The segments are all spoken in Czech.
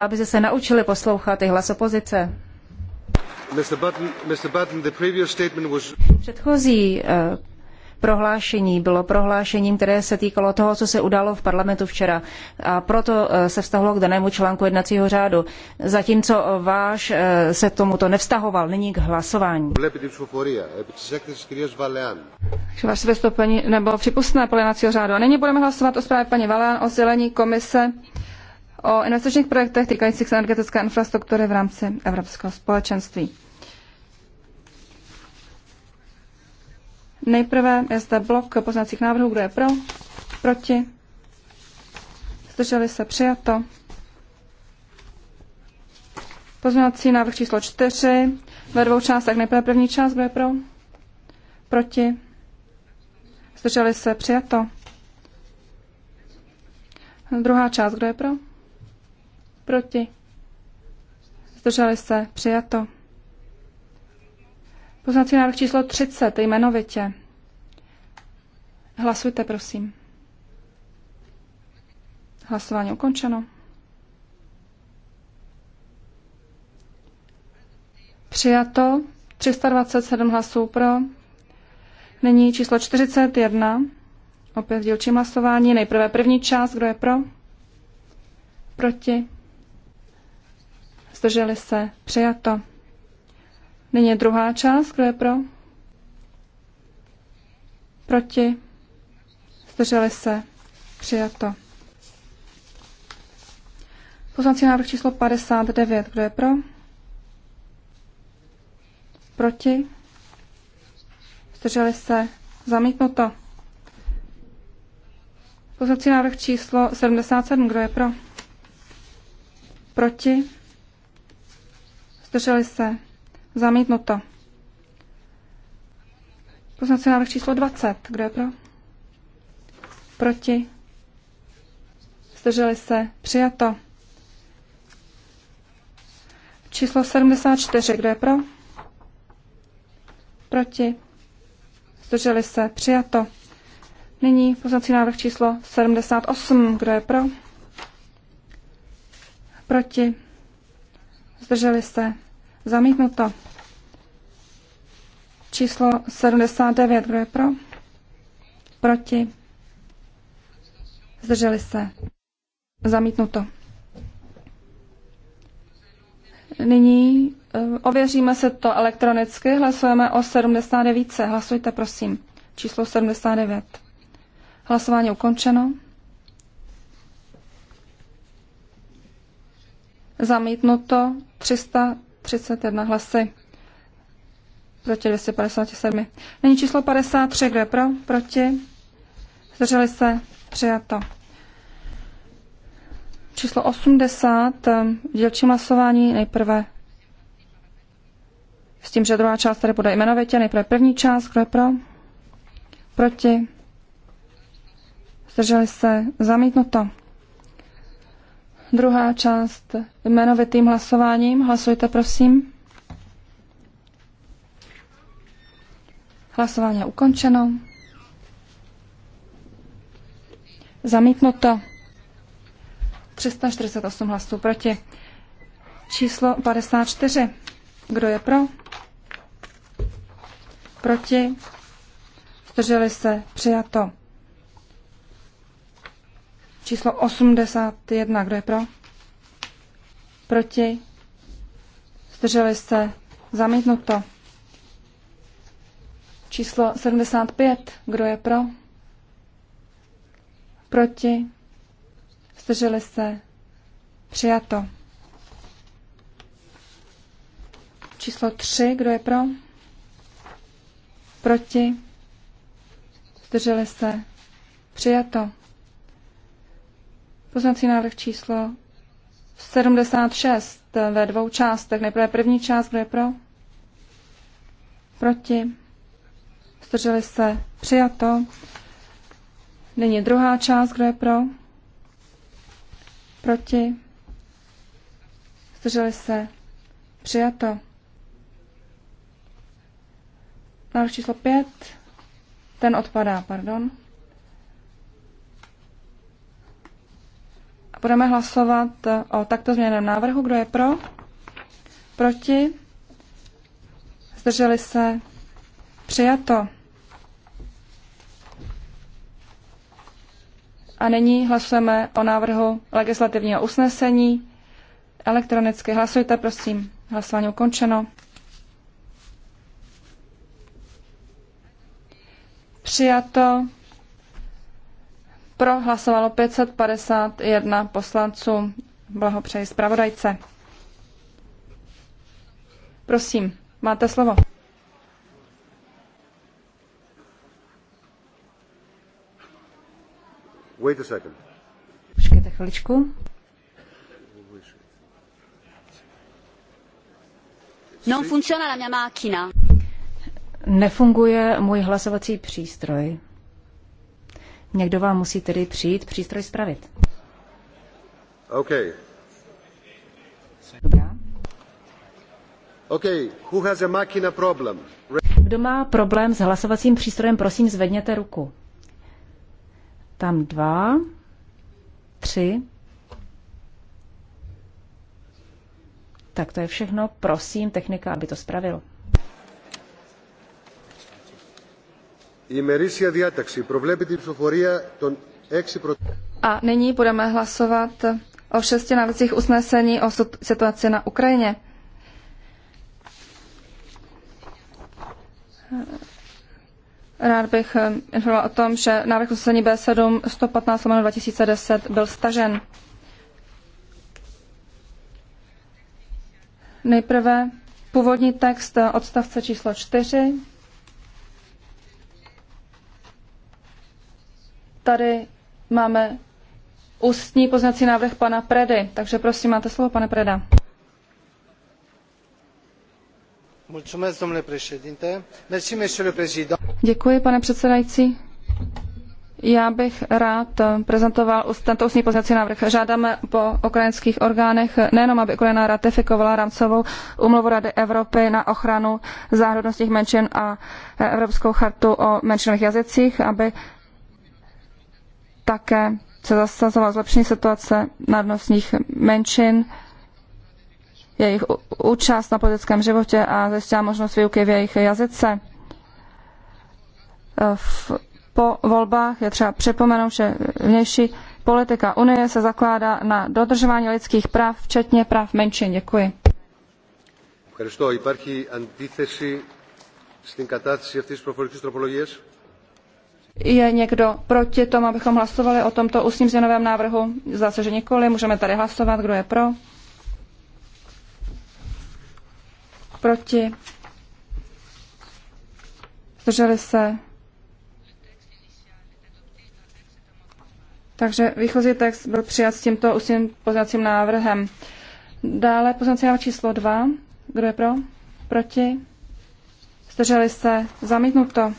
aby se naučili poslouchat i hlas opozice. Předchozí eh, prohlášení bylo prohlášením, které se týkalo toho, co se udalo v parlamentu včera. A proto eh, se vztahlo k danému článku jednacího řádu. Zatímco váš eh, se tomuto nevztahoval, nyní k hlasování. Takže vaše vystoupení nebylo připustné podle jednacího řádu. A nyní budeme hlasovat o zprávě paní Valán o zelení komise o investičních projektech týkajících se energetické infrastruktury v rámci Evropského společenství. Nejprve je zde blok poznacích návrhů, kdo je pro, proti, zdrželi se přijato. Pozměňovací návrh číslo 4 ve dvou částech. Nejprve první část, kdo je pro? Proti? Zdrželi se přijato. Druhá část, kdo je pro? Proti. Zdrželi se. Přijato. Poznací návrh číslo 30 jmenovitě. Hlasujte, prosím. Hlasování ukončeno. Přijato 327 hlasů pro. Nyní číslo 41. Opět dílčím hlasování. Nejprve první část. Kdo je pro? Proti? Zdrželi se? Přijato. Nyní je druhá část. Kdo je pro? Proti? Zdrželi se? Přijato. Poslanci návrh číslo 59. Kdo je pro? Proti? Zdrželi se? Zamítnuto. Pozvací návrh číslo 77. Kdo je pro? Proti? Zdrželi se. Zamítnuto. Poznací návrh číslo 20. Kdo je pro? Proti? Zdrželi se. Přijato. Číslo 74. Kdo je pro? Proti? Zdrželi se. Přijato. Nyní poznací návrh číslo 78. Kdo je pro? Proti? Zdrželi se. Zamítnuto. Číslo 79. Kdo je pro? Proti? Zdrželi se. Zamítnuto. Nyní eh, ověříme se to elektronicky. Hlasujeme o 79. Hlasujte, prosím. Číslo 79. Hlasování ukončeno. Zamítnuto 300 31 hlasy proti 257. Není číslo 53, kdo je pro, proti, zdrželi se, přijato. Číslo 80, ehm, dělčí hlasování nejprve s tím, že druhá část tady bude jmenovitě, nejprve první část, kdo je pro, proti, zdrželi se, zamítnuto. Druhá část jmenovitým hlasováním. Hlasujte, prosím. Hlasování je ukončeno. Zamítnuto. 348 hlasů proti. Číslo 54. Kdo je pro? Proti? Zdrželi se? Přijato. Číslo 81. Kdo je pro? Proti? Zdrželi se? Zamítnuto. Číslo 75. Kdo je pro? Proti? Zdrželi se? Přijato. Číslo 3. Kdo je pro? Proti? Zdrželi se? Přijato. Poznací návrh číslo 76 ve dvou částech. Nejprve první část, kdo je pro? Proti? Zdrželi se? Přijato. Nyní druhá část, kdo je pro? Proti? Zdrželi se? Přijato. Návrh číslo 5. Ten odpadá, pardon. Budeme hlasovat o takto změněném návrhu. Kdo je pro? Proti? Zdrželi se? Přijato. A nyní hlasujeme o návrhu legislativního usnesení. Elektronicky hlasujte, prosím. Hlasování ukončeno. Přijato pro hlasovalo 551 poslanců. Blahopřeji zpravodajce. Prosím, máte slovo. Wait a second. Počkejte chviličku. Non funziona la mia macchina. Nefunguje můj hlasovací přístroj. Někdo vám musí tedy přijít přístroj spravit. OK. Dobrá. OK, who has a machine problem? Kdo má problém s hlasovacím přístrojem, prosím zvedněte ruku. Tam dva, tři. Tak to je všechno. Prosím technika, aby to spravil. A nyní budeme hlasovat o šesti návrzích usnesení o situaci na Ukrajině. Rád bych eh, informoval o tom, že návrh usnesení B7 115 2010 byl stažen. Nejprve původní text odstavce číslo 4. Tady máme ústní poznací návrh pana Predy, takže prosím, máte slovo, pane Preda. Děkuji, pane předsedající. Já bych rád prezentoval tento ústní poznací návrh. Žádáme po ukrajinských orgánech nejenom, aby Ukrajina ratifikovala rámcovou umluvu Rady Evropy na ochranu záhodnostních menšin a Evropskou chartu o menšinových jazycích, aby také se zasazoval zlepšení situace národnostních menšin, jejich účast na politickém životě a zjistila možnost výuky v jejich jazyce. E, v, po volbách je třeba připomenout, že vnější politika Unie se zakládá na dodržování lidských práv, včetně práv menšin. Děkuji. Děkuji. Děkuji. Děkuji. Děkuji. Děkuji. Děkuji. Děkuji. Děkuji. τροπολογίας. Je někdo proti tomu, abychom hlasovali o tomto ústním změnovém návrhu? Zase, že nikoli. Můžeme tady hlasovat. Kdo je pro? Proti? Zdrželi se? Takže výchozí text byl přijat s tímto ústním poznacím návrhem. Dále poznací návrh číslo 2. Kdo je pro? Proti? Zdrželi se? Zamítnuto.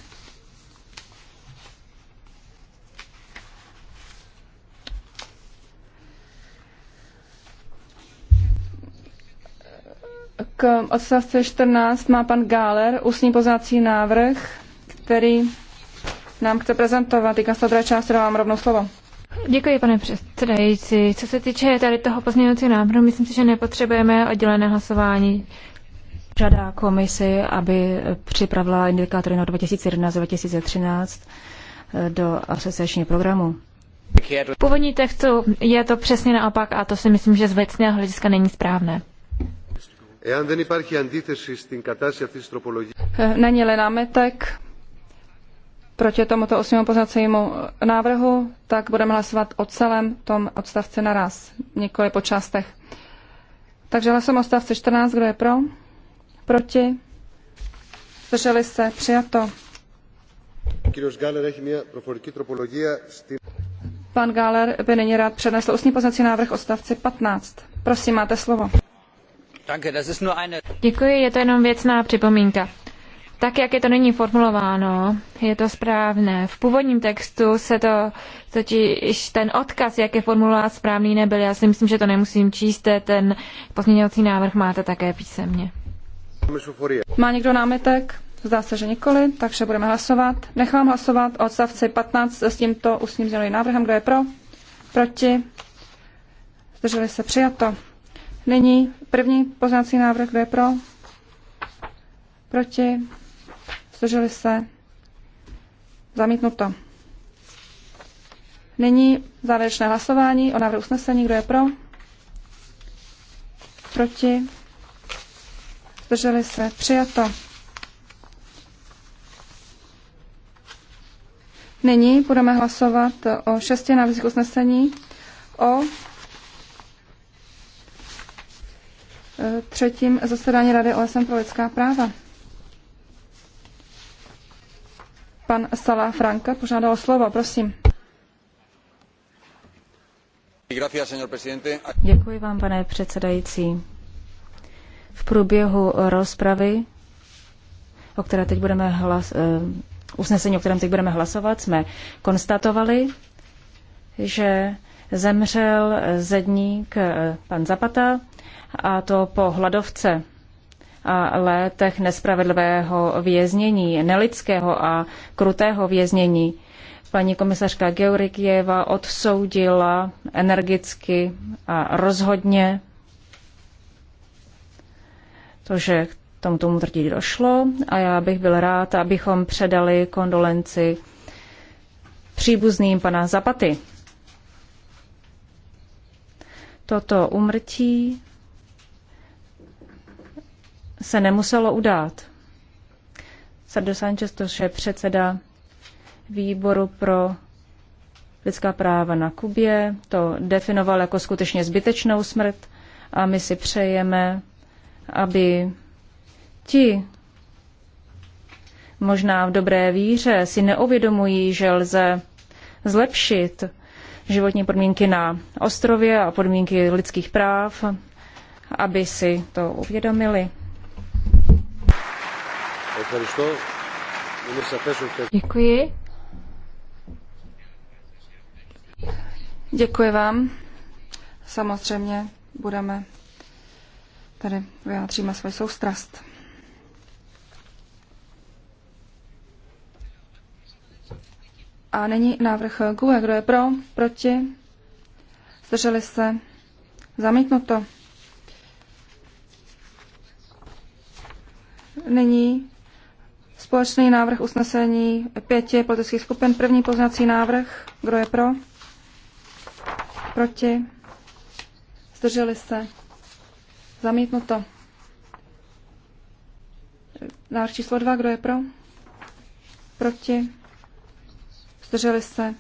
K odstavce 14 má pan Gáler ústní poznací návrh, který nám chce prezentovat. Týká se druhé části, dávám rovnou slovo. Děkuji, pane předsedající. Co se týče tady toho pozměňovacího návrhu, myslím si, že nepotřebujeme oddělené hlasování. Žádá komisi, aby připravila indikátory na 2011-2013 eh, do asociačního programu. původní textu je to přesně naopak a to si myslím, že z věcného hlediska není správné. Není-li námitek proti tomuto osmému pozměňovacímu návrhu, tak budeme hlasovat o celém tom odstavci naraz, nikoli po částech. Takže hlasujeme odstavci 14, kdo je pro? Proti? Zdrželi se? Přijato. Pan Gáler by nyní rád přednesl ústní pozměňovací návrh odstavci 15. Prosím, máte slovo. Děkuji, je to jenom věcná připomínka. Tak, jak je to nyní formulováno, je to správné. V původním textu se to, totiž ten odkaz, jak je formulován správný, nebyl. Já si myslím, že to nemusím číst, ten pozměňovací návrh máte také písemně. Má někdo námitek? Zdá se, že nikoli, takže budeme hlasovat. Nechám hlasovat o odstavci 15 s tímto ústním změnovým návrhem. Kdo je pro? Proti? Zdrželi se přijato. Nyní První poznací návrh, kdo je pro? Proti? Zdrželi se? Zamítnuto. Nyní závěrečné hlasování o návrhu usnesení. Kdo je pro? Proti? Zdrželi se? Přijato. Nyní budeme hlasovat o šesti návrzích usnesení o třetím zasedání Rady OSN pro lidská práva. Pan Sala Franka požádal slovo, prosím. Děkuji vám, pane předsedající. V průběhu rozpravy, o které teď budeme hlas, eh, usnesení, o kterém teď budeme hlasovat, jsme konstatovali, že zemřel zedník eh, pan Zapata, a to po hladovce a letech nespravedlivého věznění, nelidského a krutého věznění. Paní komisařka Georgieva odsoudila energicky a rozhodně to, že k tomu tomu tvrdí došlo a já bych byl rád, abychom předali kondolenci příbuzným pana Zapaty. Toto umrtí se nemuselo udát. Sardo Sanchez, to je předseda výboru pro lidská práva na Kubě, to definoval jako skutečně zbytečnou smrt a my si přejeme, aby ti, možná v dobré víře, si neuvědomují, že lze zlepšit životní podmínky na ostrově a podmínky lidských práv, aby si to uvědomili. Děkuji. Děkuji vám. Samozřejmě budeme tady vyjádříme svoji soustrast. A není návrh GUE. Kdo je pro? Proti? Zdrželi se? Zamítnuto. Nyní Společný návrh usnesení pěti politických skupin. První poznací návrh. Kdo je pro? Proti? Zdrželi se? Zamítnuto. Návrh číslo dva. Kdo je pro? Proti? Zdrželi se?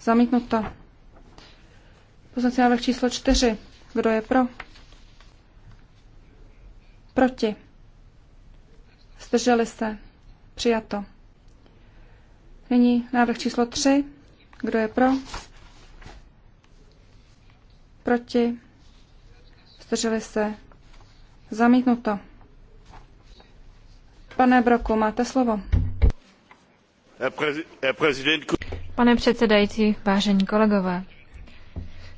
Zamítnuto. Poznací návrh číslo čtyři. Kdo je pro? Proti? Zdrželi se? Přijato. Nyní návrh číslo 3. Kdo je pro? Proti? Zdrželi se? Zamítnuto. Pane Broku, máte slovo. Pane předsedající, vážení kolegové,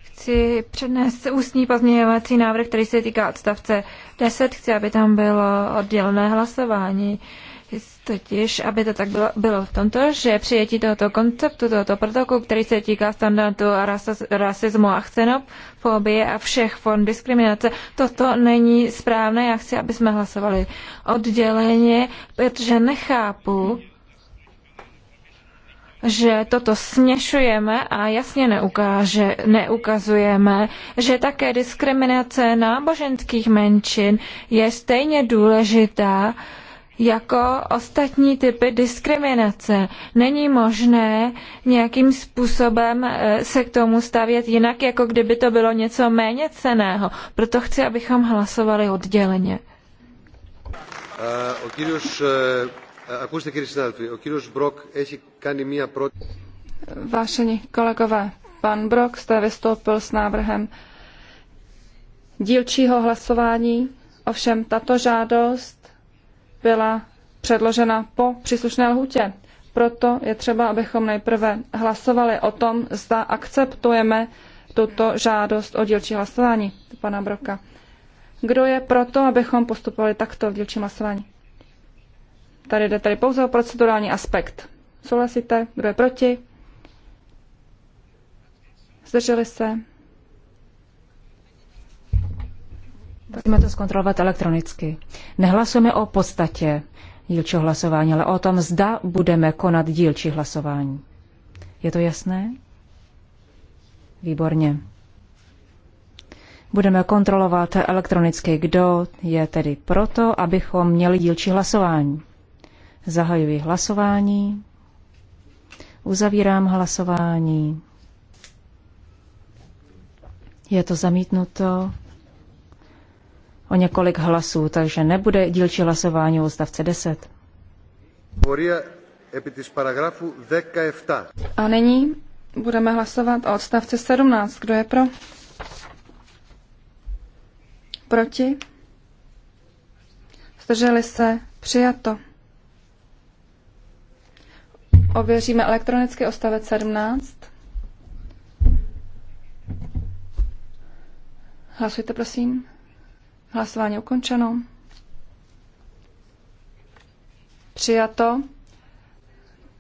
chci přednést ústní pozměňovací návrh, který se týká odstavce 10. Chci, aby tam bylo oddělené hlasování. Uh, Totiž, aby to tak bylo, bylo v tomto, že přijetí tohoto konceptu, tohoto protokolu, který se týká standardu rasismu a xenofobie a všech form diskriminace, toto není správné. Já chci, aby jsme hlasovali odděleně, protože nechápu, že toto směšujeme a jasně neukáže, neukazujeme, že také diskriminace náboženských menšin je stejně důležitá jako ostatní typy diskriminace. Není možné nějakým způsobem e, se k tomu stavět jinak, jako kdyby to bylo něco méně ceného. Proto chci, abychom hlasovali odděleně. E, e, Vášení kolegové, pan Brok jste vystoupil s návrhem dílčího hlasování, ovšem tato žádost byla předložena po příslušné lhůtě. Proto je třeba, abychom nejprve hlasovali o tom, zda akceptujeme tuto žádost o dílčí hlasování pana Broka. Kdo je proto, abychom postupovali takto v dílčím hlasování? Tady jde tady pouze o procedurální aspekt. Souhlasíte? Kdo je proti? Zdrželi se? Musíme to zkontrolovat elektronicky. Nehlasujeme o podstatě dílčího hlasování, ale o tom, zda budeme konat dílčí hlasování. Je to jasné? Výborně. Budeme kontrolovat elektronicky, kdo je tedy proto, abychom měli dílčí hlasování. Zahajuji hlasování. Uzavírám hlasování. Je to zamítnuto o několik hlasů, takže nebude dílčí hlasování o odstavce 10. A nyní budeme hlasovat o odstavci 17. Kdo je pro? Proti? Zdrželi se? Přijato. Ověříme elektronicky odstavec 17. Hlasujte, prosím. Hlasování ukončeno. Přijato.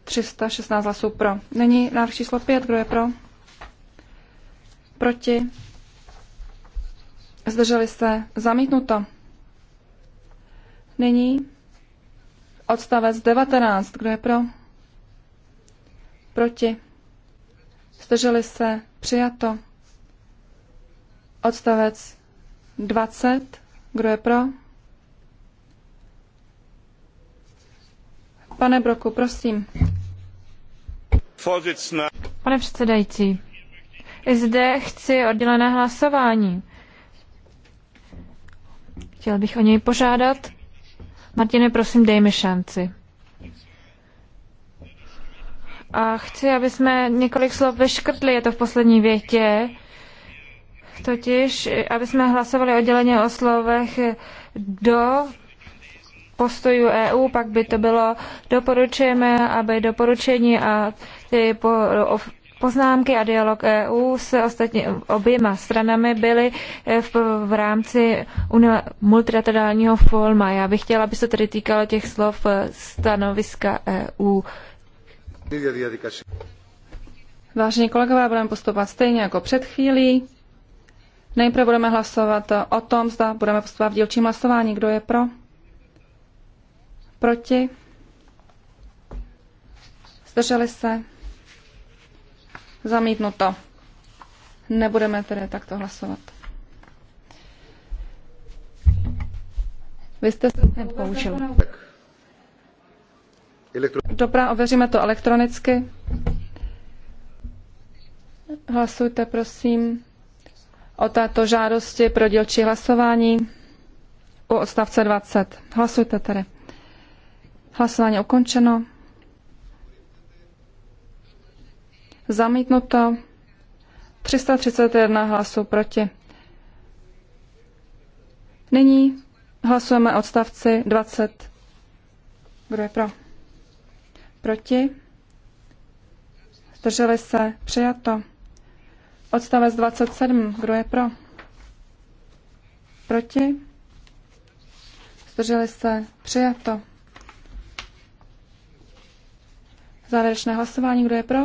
316 hlasů pro. Není návrh číslo 5. Kdo je pro? Proti? Zdrželi se? Zamítnuto. Nyní odstavec 19. Kdo je pro? Proti? Zdrželi se? Přijato. Odstavec 20. Kdo je pro? Pane Broku, prosím. Pane předsedající, zde chci oddělené hlasování. Chtěl bych o něj požádat. Martine, prosím, dej mi šanci. A chci, aby jsme několik slov vyškrtli, je to v poslední větě, totiž, aby jsme hlasovali odděleně o slovech do postojů EU, pak by to bylo doporučujeme, aby doporučení a ty po, o, poznámky a dialog EU s ostatní oběma stranami byly eh, v, v rámci multilaterálního forma. Já bych chtěla, aby se tedy týkalo těch slov eh, stanoviska EU. Vážení kolegové, budeme postupovat stejně jako před chvílí. Nejprve budeme hlasovat o tom, zda budeme postupovat v dílčím hlasování. Kdo je pro? Proti? Zdrželi se? Zamítnuto. Nebudeme tedy takto hlasovat. Vy jste se poučil. Dobrá, ověříme to elektronicky. Hlasujte, prosím o této žádosti pro dělčí hlasování u odstavce 20. Hlasujte tedy. Hlasování ukončeno. Zamítnuto. 331 hlasů proti. Nyní hlasujeme odstavci 20. Kdo je pro? Proti? Zdrželi se? Přijato. Odstavec 27. Kdo je pro? Proti? Zdrželi se? Přijato. Závěrečné hlasování. Kdo je pro?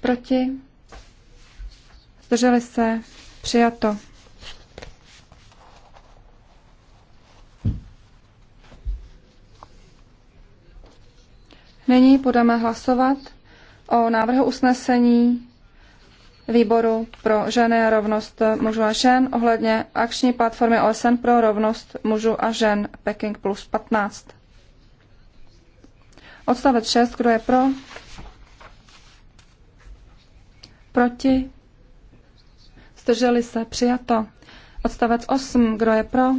Proti? Zdrželi se? Přijato. Nyní budeme hlasovat o návrhu usnesení výboru pro ženy a rovnost mužů a žen ohledně akční platformy OSN pro rovnost mužů a žen Peking plus 15. Odstavec 6. Kdo je pro? Proti? Zdrželi se? Přijato. Odstavec 8. Kdo je pro?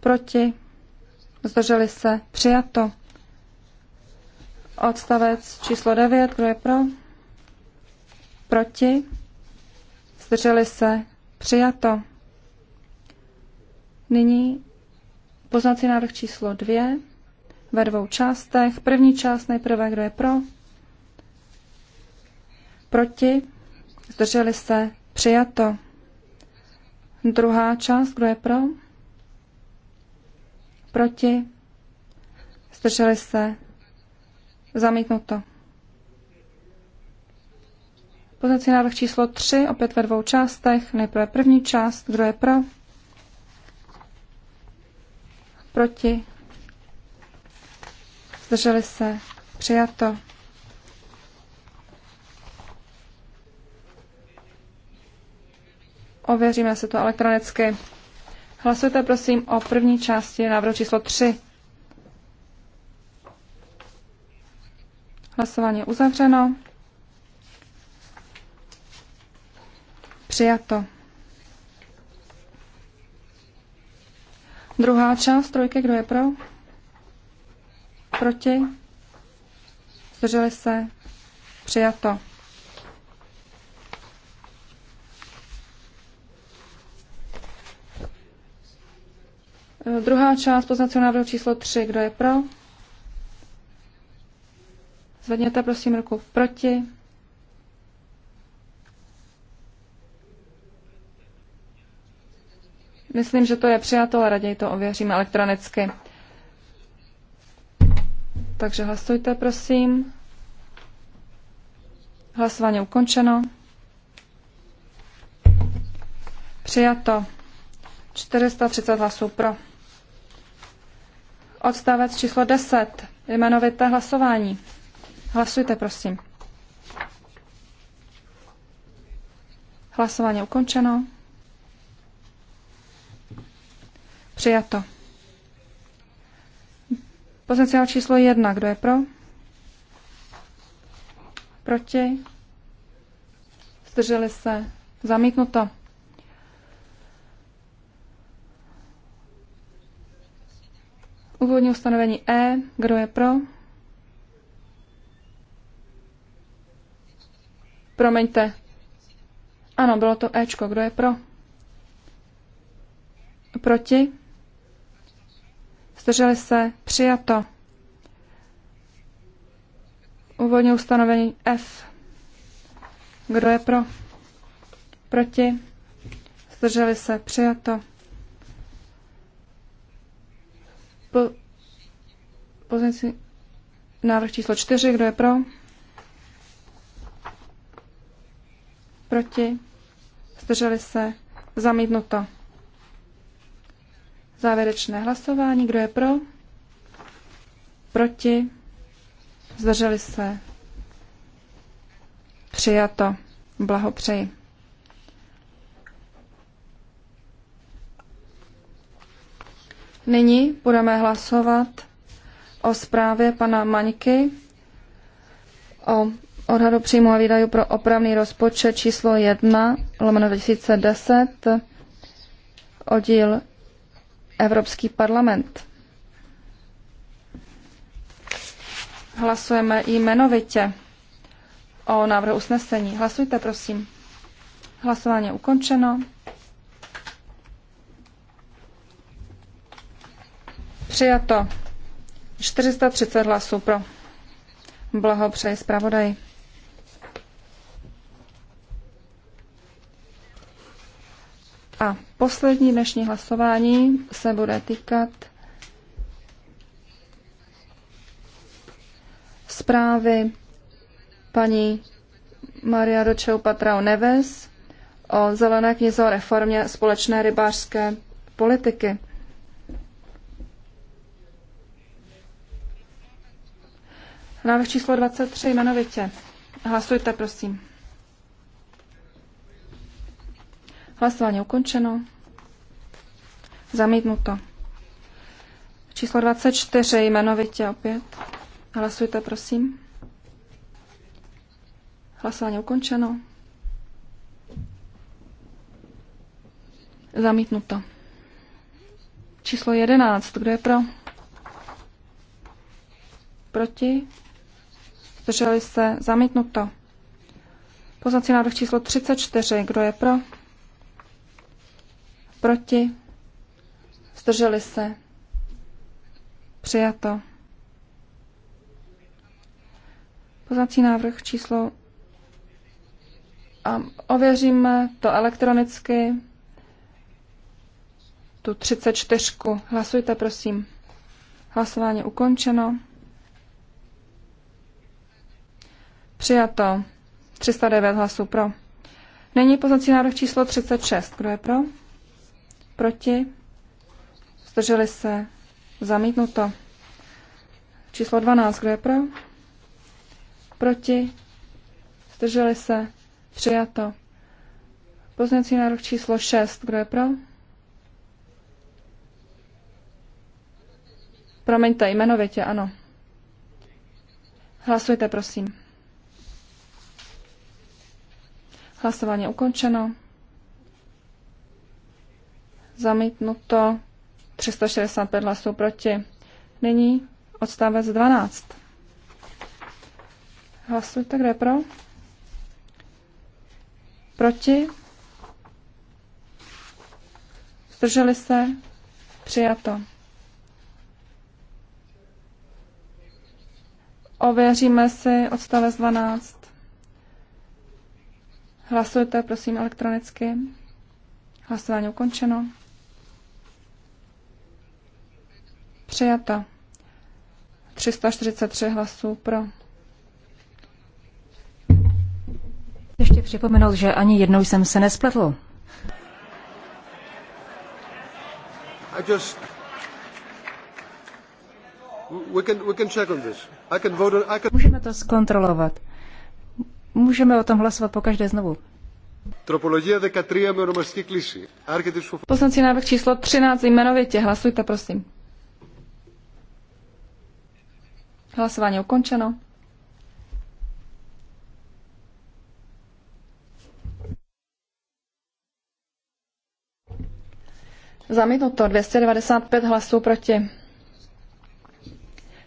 Proti? Zdrželi se? Přijato. Odstavec číslo 9. Kdo je pro? Proti? Zdrželi se? Přijato. Nyní poznací návrh číslo dvě. ve dvou částech. První část nejprve, kdo je pro? Proti? Zdrželi se? Přijato. Druhá část, kdo je pro? Proti? Zdrželi se? Zamítnuto. Poznací návrh číslo 3, opět ve dvou částech. Nejprve první část, kdo je pro? Proti? Zdrželi se? Přijato. Ověříme se to elektronicky. Hlasujte prosím o první části návrhu číslo 3. Hlasování je uzavřeno. Přijato. Druhá část trojky, kdo je pro? Proti? Zdrželi se? Přijato. Druhá část poznacího návrhu číslo 3. Kdo je pro? Zvedněte prosím ruku proti. Myslím, že to je přijato, ale raději to ověříme elektronicky. Takže hlasujte, prosím. Hlasování ukončeno. Přijato. 430 hlasů pro. Odstavec číslo 10. Jmenovité hlasování. Hlasujte, prosím. Hlasování ukončeno. Přijato. Potenciál číslo jedna. Kdo je pro? Proti? Zdrželi se? Zamítnuto. Úvodní ustanovení E. Kdo je pro? Promiňte. Ano, bylo to Ečko. Kdo je pro? Proti? Zdrželi se? Přijato. Úvodní ustanovení F. Kdo je pro? Proti? Zdrželi se? Přijato. Po, pozici, návrh číslo 4. Kdo je pro? Proti? Zdrželi se? Zamítnuto. Závěrečné hlasování. Kdo je pro? Proti? Zdrželi se? Přijato. Blahopřeji. Nyní budeme hlasovat o zprávě pana Maňky o odhadu příjmu a výdajů pro opravný rozpočet číslo 1 lomeno 2010 oddíl Evropský parlament. Hlasujeme jmenovitě o návrhu usnesení. Hlasujte, prosím. Hlasování je ukončeno. Přijato 430 hlasů pro. Blahopřeji zpravodaji. A poslední dnešní hlasování se bude týkat zprávy paní Maria Ročeu Patrao Neves o zelené knize o reformě společné rybářské politiky. Návrh číslo 23 jmenovitě. Hlasujte, prosím. Hlasování ukončeno. Zamítnuto. Číslo 24 jmenovitě opět. Hlasujte, prosím. Hlasování ukončeno. Zamítnuto. Číslo 11. Kdo je pro? Proti? Zdrželi se? Zamítnuto. Poznací návrh číslo 34. Kdo je pro? Proti? Zdrželi se? Přijato. Poznací návrh číslo. A ověříme to elektronicky. Tu 34. Hlasujte, prosím. Hlasování ukončeno. Přijato. 309 hlasů pro. Není poznací návrh číslo 36. Kdo je pro? Proti? Zdrželi se? Zamítnuto. Číslo 12. Kdo je pro? Proti? Zdrželi se? Přijato. Pozněcí návrh číslo 6. Kdo je pro? Promiňte, jmenovitě, ano. Hlasujte, prosím. Hlasování ukončeno. Zamítnuto 365 hlasů proti. Nyní odstavec 12. Hlasujte, kde pro? Proti? Zdrželi se? Přijato. Ověříme si odstavec 12. Hlasujte, prosím, elektronicky. Hlasování ukončeno. přijata. 343 hlasů pro. Ještě připomenul, že ani jednou jsem se nespletl. I just... We can, we can check on this. I can vote on, I can... Můžeme to zkontrolovat. Můžeme o tom hlasovat pokaždé znovu. Tropologie 13 με ονομαστική κλίση. Poslanci návrh číslo 13 jmenovitě. Hlasujte, prosím. Hlasování ukončeno. Zamítnuto 295 hlasů proti.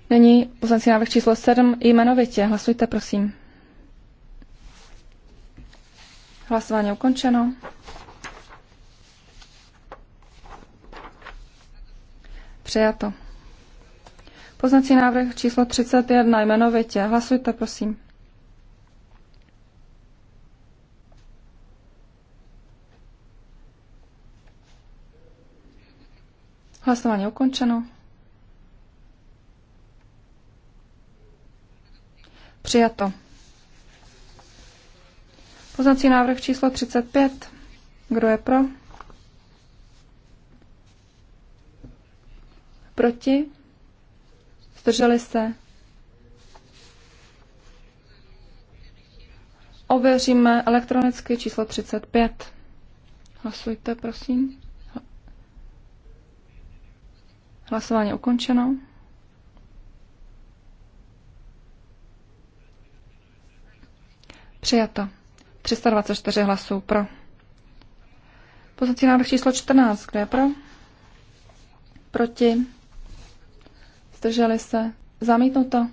Nyní poslanci návrh číslo 7 jmenovitě. Hlasujte, prosím. Hlasování ukončeno. Přijato. Poznací návrh číslo 31 jmenovitě. Hlasujte, prosím. Hlasování ukončeno. Přijato. Poznací návrh číslo 35. Kdo je pro? Proti? Zdrželi se? Ověříme elektronicky číslo 35. Hlasujte, prosím. Hlasování ukončeno. Přijato. 324 hlasů pro. Pozici návrh číslo 14. Kdo je pro? Proti? zdrželi se, zamítnuto.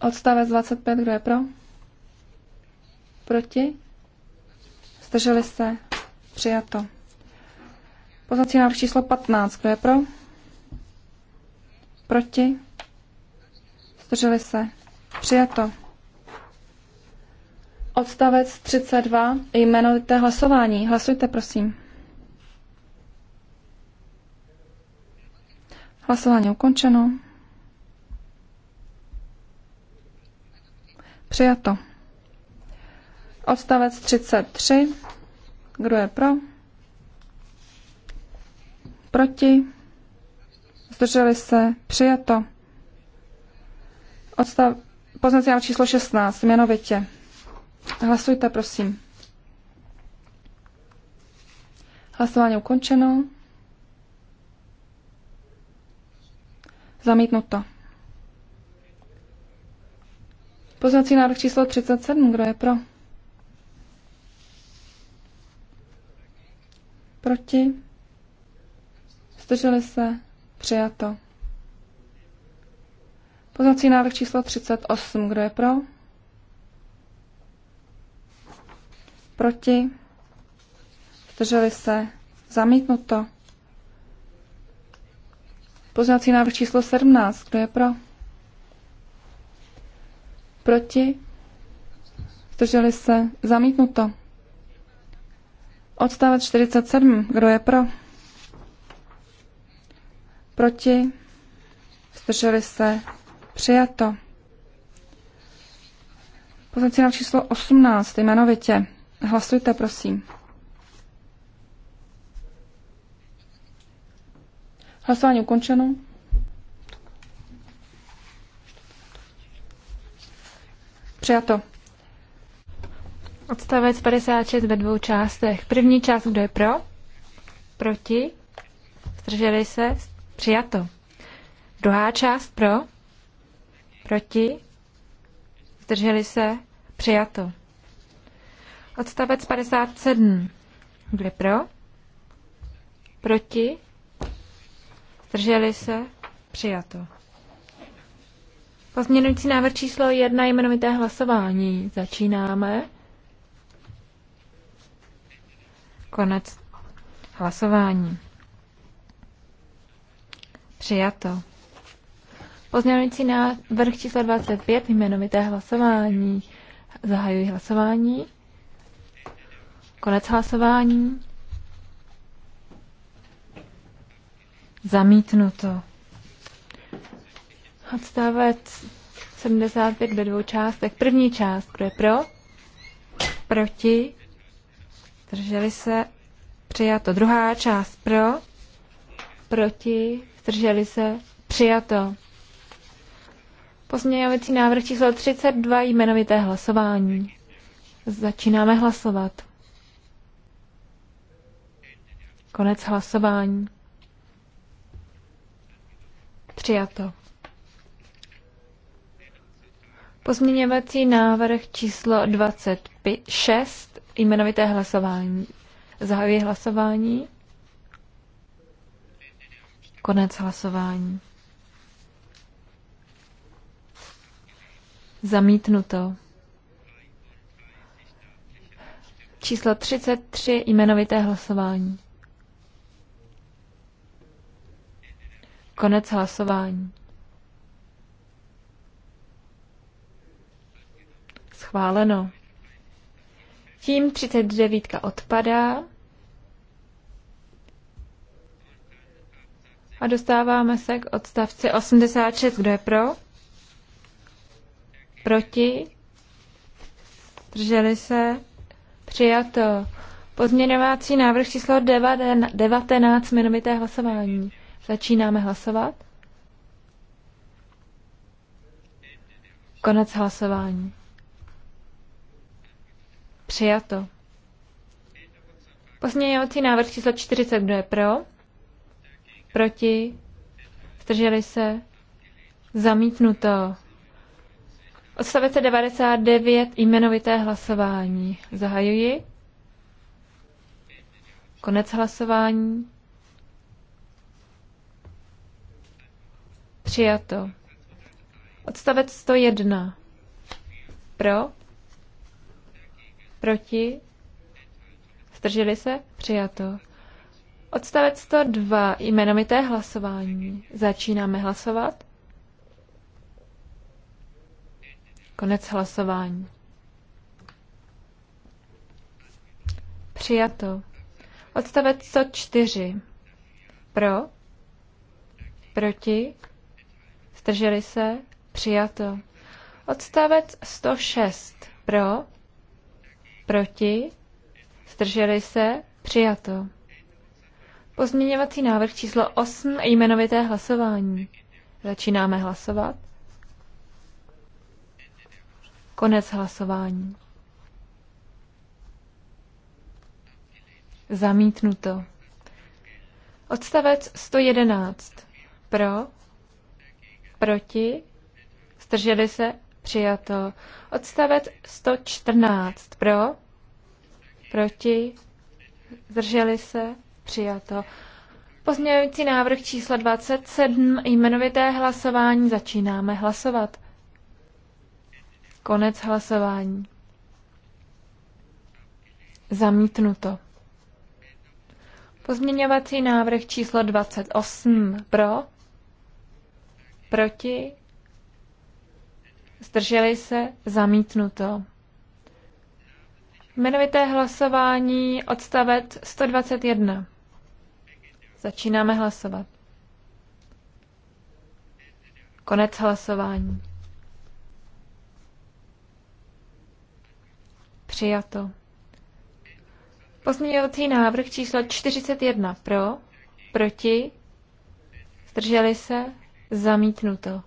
Odstavec 25, kdo je pro? Proti? Zdrželi se, přijato. Poznací návrh číslo 15, kdo je pro? Proti? Zdrželi se, přijato. Odstavec 32, jmenovité hlasování. Hlasujte, prosím. Hlasování ukončeno. Přijato. Odstavec 33. Kdo je pro? Proti? Zdrželi se? Přijato. Odstav... Poznací číslo 16, jmenovitě. Hlasujte, prosím. Hlasování ukončeno. Zamítnuto. Poznací návrh číslo 37. Kdo je pro? Proti? Zdrželi se? Přijato. Poznací návrh číslo 38. Kdo je pro? Proti? Zdrželi se? Zamítnuto. Poznací návrh číslo 17. Kdo je pro? Proti? Zdrželi se? Zamítnuto. Odstavec 47. Kdo je pro? Proti? Zdrželi se? Přijato. Poznací návrh číslo 18. Jmenovitě. Hlasujte, prosím. Hlasování ukončeno. Přijato. Odstavec 56 ve dvou částech. První část, kdo je pro? Proti? Zdrželi se? Přijato. Druhá část pro? Proti? Zdrželi se? Přijato. Odstavec 57. Kdo je pro? Proti? Zdrželi se? Přijato. Pozměňující návrh číslo jedna jmenovité hlasování. Začínáme. Konec hlasování. Přijato. Pozměňující návrh číslo 25 jmenovité hlasování. Zahajuji hlasování. Konec hlasování. Zamítnuto. Odstavec 75 ve dvou částech. První část, kdo je pro? Proti? Zdrželi se? Přijato. Druhá část pro? Proti? Zdrželi se? Přijato. Pozměňovací návrh číslo 32 jmenovité hlasování. Začínáme hlasovat. Konec hlasování. Přijato. Pozměňovací návrh číslo 26, jmenovité hlasování. Zahajuji hlasování. Konec hlasování. Zamítnuto. Číslo 33, jmenovité hlasování. Konec hlasování. Schváleno. Tím 39 odpadá. A dostáváme se k odstavci 86. Kdo je pro? Proti? Drželi se? Přijato. Pozměňovací návrh číslo 19, minovité hlasování. Začínáme hlasovat. Konec hlasování. Přijato. Pozměňovací návrh číslo 40, kdo je pro? Proti? Zdrželi se? Zamítnuto. Odstavec 99, jmenovité hlasování. Zahajuji. Konec hlasování. Přijato. Odstavec 101. Pro. Proti. Zdrželi se? Přijato. Odstavec 102. Jmenovité hlasování. Začínáme hlasovat. Konec hlasování. Přijato. Odstavec 104. Pro. Proti. Zdrželi se? Přijato. Odstavec 106. Pro? Proti? Zdrželi se? Přijato. Pozměňovací návrh číslo 8. Jmenovité hlasování. Začínáme hlasovat. Konec hlasování. Zamítnuto. Odstavec 111. Pro? Proti? Zdrželi se? Přijato. Odstavec 114. Pro? Proti? Zdrželi se? Přijato. Pozměňující návrh číslo 27. Jmenovité hlasování. Začínáme hlasovat. Konec hlasování. Zamítnuto. Pozměňovací návrh číslo 28. Pro? proti, zdrželi se, zamítnuto. Jmenovité hlasování odstavec 121. Začínáme hlasovat. Konec hlasování. Přijato. Pozměňovací návrh číslo 41 pro, proti, zdrželi se, Zamítnuto.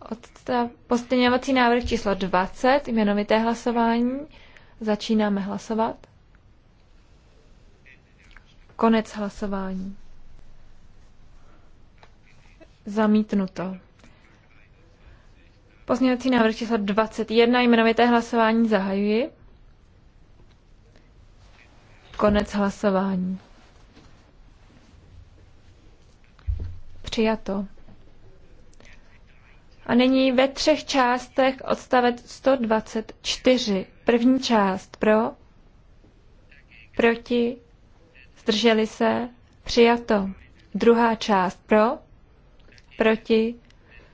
Odstav... Postěňovací návrh číslo 20, jmenovité hlasování. Začínáme hlasovat. Konec hlasování. Zamítnuto. Pozměňovací návrh číslo 21, jmenovité hlasování zahajuji. Konec hlasování. Přijato. A nyní ve třech částech odstavec 124. První část pro, proti, zdrželi se, přijato. Druhá část pro, proti,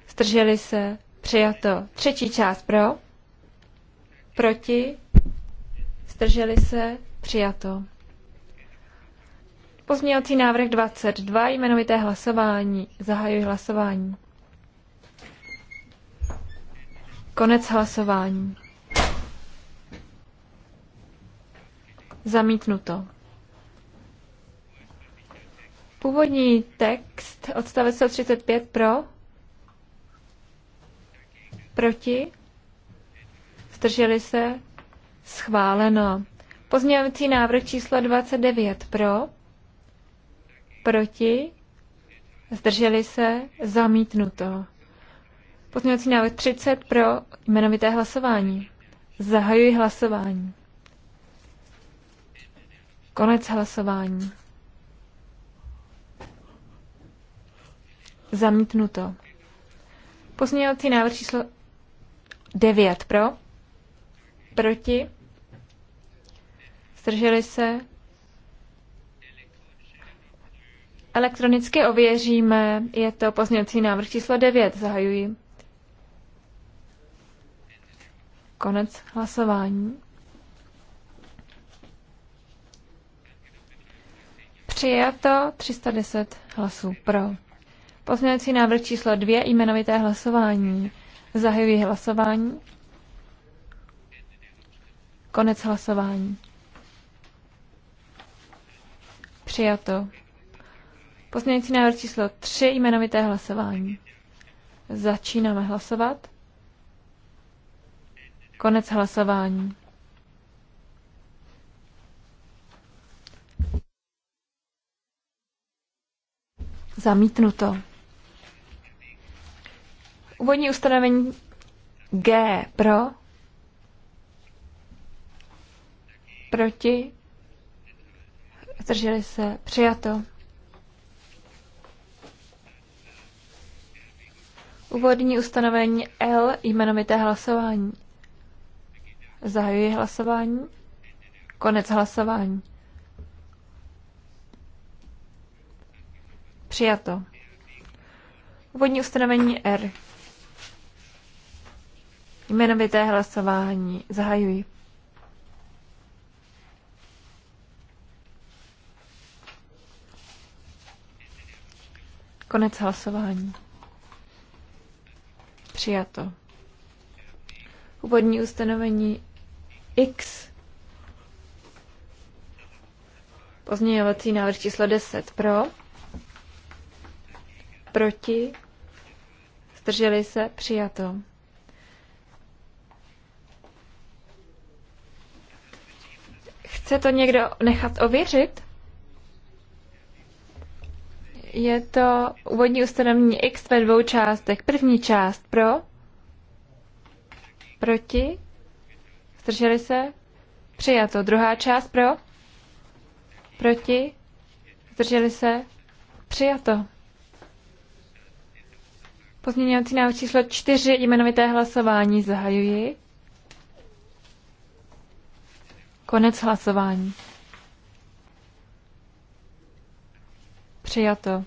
zdrželi se, přijato. Třetí část pro, proti, zdrželi se, přijato. Pozměňovací návrh 22, jmenovité hlasování. Zahajuji hlasování. Konec hlasování. Zamítnuto. Původní text, odstavec 135 pro, proti, zdrželi se, schváleno. Pozměňovací návrh číslo 29 pro, proti, zdrželi se, zamítnuto. Pozměňovací návrh 30 pro jmenovité hlasování. Zahajuji hlasování. Konec hlasování. Zamítnuto. Pozměňovací návrh číslo 9 pro. Proti. Zdrželi se. Elektronicky ověříme. Je to pozměňovací návrh číslo 9. Zahajuji Konec hlasování. Přijato 310 hlasů pro. Pozměňovací návrh číslo 2, jmenovité hlasování. Zahajuji hlasování. Konec hlasování. Přijato. Pozměňovací návrh číslo 3, jmenovité hlasování. Začínáme hlasovat. Konec hlasování. Zamítnuto. Úvodní ustanovení G pro, proti, zdrželi se, přijato. Úvodní ustanovení L jmenovité hlasování. Zahajuji hlasování. Konec hlasování. Přijato. Úvodní ustanovení R. Jmenovité hlasování. Zahajuji. Konec hlasování. Přijato. Úvodní ustanovení X. Pozměňovací návrh číslo 10 pro, proti, zdrželi se, přijato. Chce to někdo nechat ověřit? Je to úvodní ustanovení X ve dvou částech. První část pro, proti, Zdrželi se? Přijato. Druhá část pro? Proti? Zdrželi se? Přijato. Pozměňovací návrh číslo čtyři, jmenovité hlasování, zahajuji. Konec hlasování. Přijato.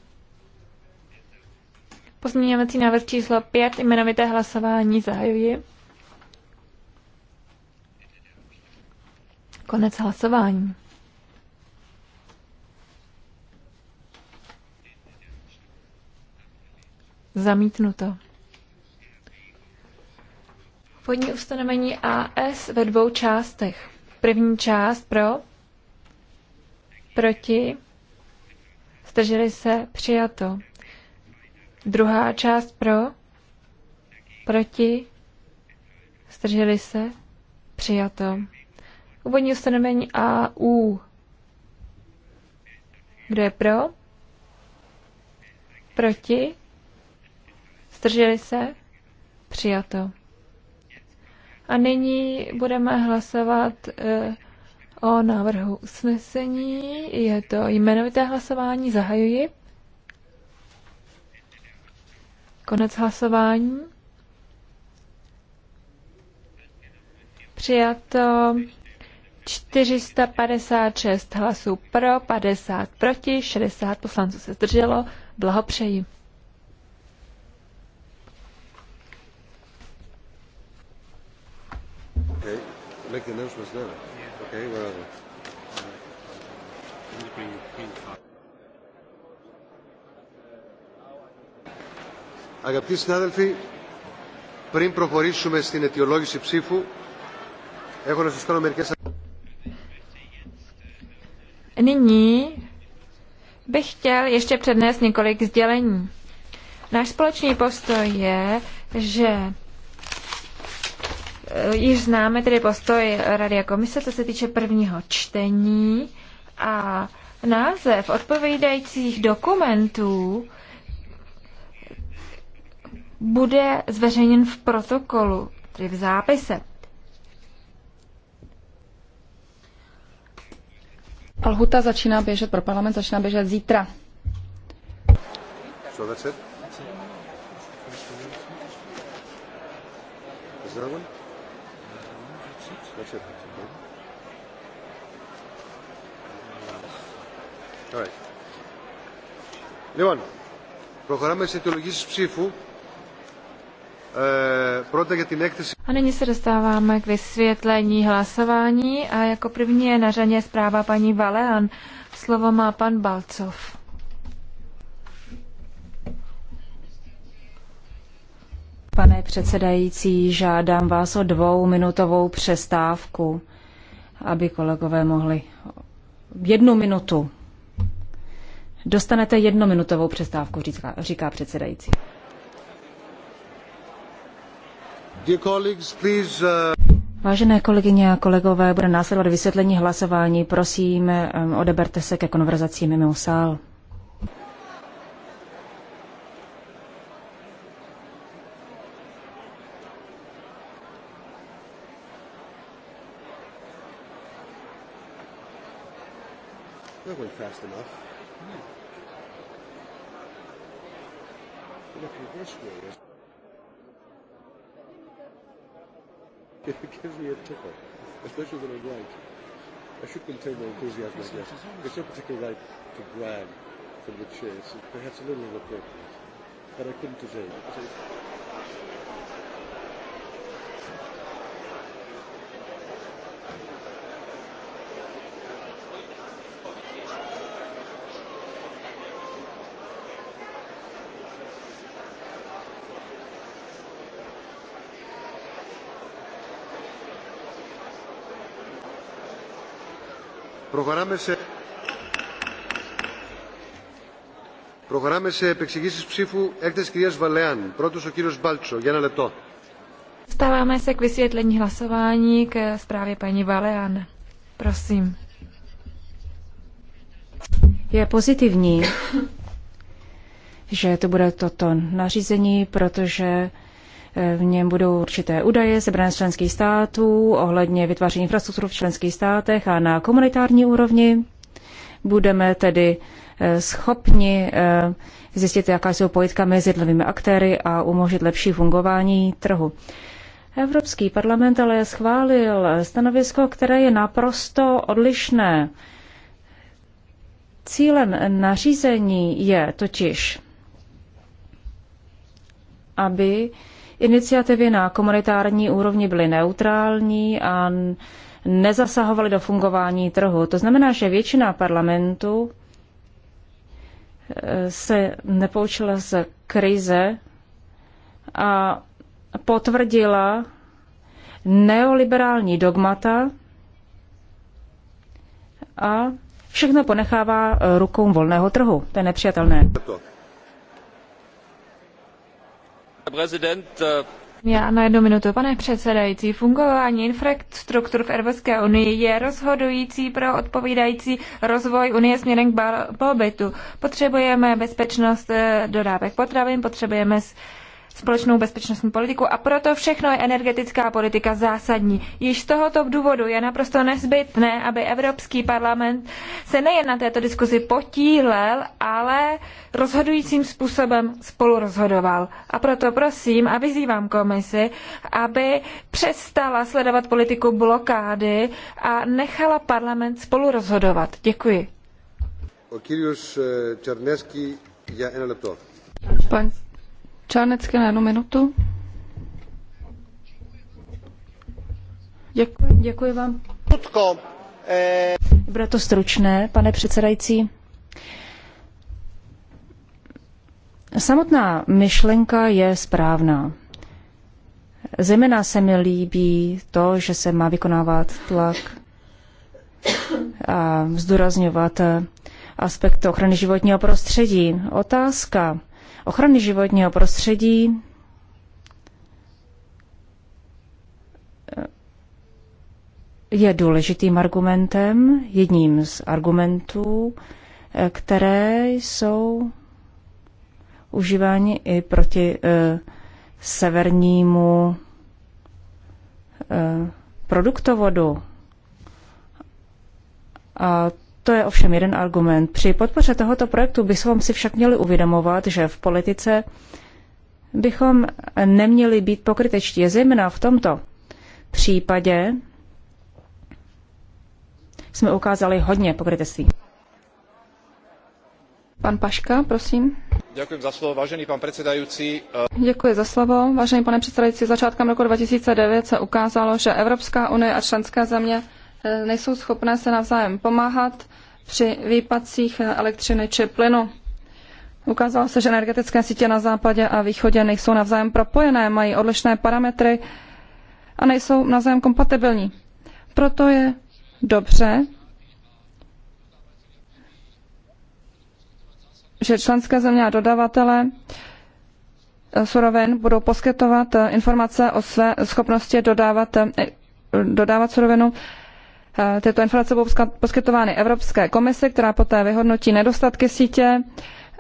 Pozměňovací návrh číslo 5, jmenovité hlasování, zahajuji. Konec hlasování. Zamítnuto. Podní ustanovení AS ve dvou částech. První část pro, proti, zdrželi se, přijato. Druhá část pro, proti, zdrželi se, přijato. Úvodní ustanovení U. Kdo je pro? Proti? Zdrželi se? Přijato. A nyní budeme hlasovat e, o návrhu usnesení. Je to jmenovité hlasování. Zahajuji. Konec hlasování. Přijato 456 hlasů pro, 50 proti, 60 poslanců se zdrželo. Blahopřeji. Αγαπητοί συνάδελφοι, πριν προχωρήσουμε στην αιτιολόγηση ψήφου, έχω να σας κάνω μερικές Nyní bych chtěl ještě přednést několik sdělení. Náš společný postoj je, že eh, již známe tedy postoj Rady a komise, co se týče prvního čtení a název odpovídajících dokumentů bude zveřejněn v protokolu, tedy v zápise. Lhuta začíná běžet pro parlament, začíná běžet zítra. So that's it? Is there one? That's it. All right. Λοιπόν, προχωράμε στις αιτιολογήσεις ψήφου. Eh, a nyní se dostáváme k vysvětlení hlasování a jako první je na řadě zpráva paní Valean. Slovo má pan Balcov. Pane předsedající, žádám vás o dvouminutovou přestávku, aby kolegové mohli jednu minutu. Dostanete jednominutovou přestávku, říká, říká předsedající. Uh, Vážené kolegyně a kolegové, bude následovat vysvětlení hlasování. Prosím, um, odeberte se ke konverzaci mimo sál. gives me a tickle, especially when I'm right. I should contain my enthusiasm, I guess. It's not particularly right to brag from the chair, so perhaps a little inappropriate. But I couldn't today. Προχωράμε Προχωράμε σε επεξηγήσεις ψήφου έκθεση κυρίας Βαλεάν. Πρώτος ο κύριος Μπάλτσο. Για ένα λεπτό. Stáváme se k vysvětlení hlasování k zprávě paní Valean. Prosím. Je pozitivní, že to bude toto nařízení, protože v něm budou určité údaje sebrané z členských států ohledně vytváření infrastruktury v členských státech a na komunitární úrovni budeme tedy eh, schopni eh, zjistit, jaká jsou pojitka mezi jednotlivými aktéry a umožnit lepší fungování trhu. Evropský parlament ale schválil stanovisko, které je naprosto odlišné. Cílem nařízení je totiž, aby Iniciativy na komunitární úrovni byly neutrální a nezasahovaly do fungování trhu. To znamená, že většina parlamentu eh, se nepoučila z krize a potvrdila neoliberální dogmata a všechno ponechává rukou volného trhu. To je nepřijatelné. Äh, Já na jednu minutu. Pane předsedající, fungování infrastruktur v Evropské unii je rozhodující pro odpovídající rozvoj Unie směrem k pobytu. Potřebujeme bezpečnost eh, dodávek potravin, potřebujeme společnou bezpečnostní politiku a proto všechno je energetická politika zásadní. Již z tohoto důvodu je naprosto nezbytné, aby Evropský parlament se nejen na této diskuzi potílel, ale rozhodujícím způsobem spolurozhodoval. A proto prosím a vyzývám komisi, aby přestala sledovat politiku blokády a nechala parlament spolurozhodovat. Děkuji. Eh, Pan Čárnecké na jednu minutu. Děkuji, děkuji vám. Prudko. Eh. Bude to stručné, pane předsedající. Samotná myšlenka je správná. Zejména se mi líbí to, že se má vykonávat tlak a zdůrazňovat aspekt ochrany životního prostředí. Otázka ochrany životního prostředí je důležitým argumentem, jedním z argumentů, které jsou užívány i proti e, severnímu e, produktovodu. A to je ovšem jeden argument. Při podpoře tohoto projektu bychom si však měli uvědomovat, že v politice bychom neměli být pokrytečtí, zejména v tomto případě jsme ukázali hodně pokrytectví. Pan Paška, prosím. Děkuji za slovo, vážený pan předsedající. Děkuji za slovo, vážený pane předsedající. Začátkem roku 2009 se ukázalo, že Evropská unie a členské země E, nejsou schopné se navzájem pomáhat při výpadcích elektřiny či plynu. Ukázalo se, že energetické sítě na západě a východě nejsou navzájem propojené, mají odlišné parametry a nejsou navzájem kompatibilní. Proto je dobře, že členské země a dodavatele e, surovin budou poskytovat e, informace o své schopnosti dodávat, dodávat surovinu Eh, tyto informace budou poskytovány Evropské komisi, která poté vyhodnotí nedostatky sítě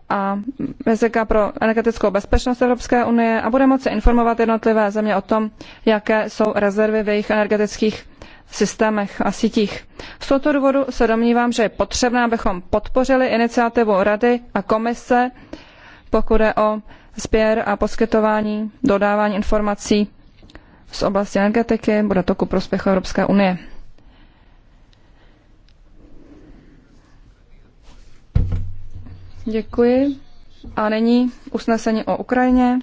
a rizika pro energetickou bezpečnost Evropské unie a bude moci informovat jednotlivé země o tom, jaké jsou rezervy v jejich energetických systémech a sítích. Z tohoto důvodu se domnívám, že je potřebné, abychom podpořili iniciativu Rady a Komise, pokud je o sběr a poskytování, dodávání informací z oblasti energetiky, bude to ku prospěchu Evropské unie. Děkuji. A nyní usnesení o Ukrajině.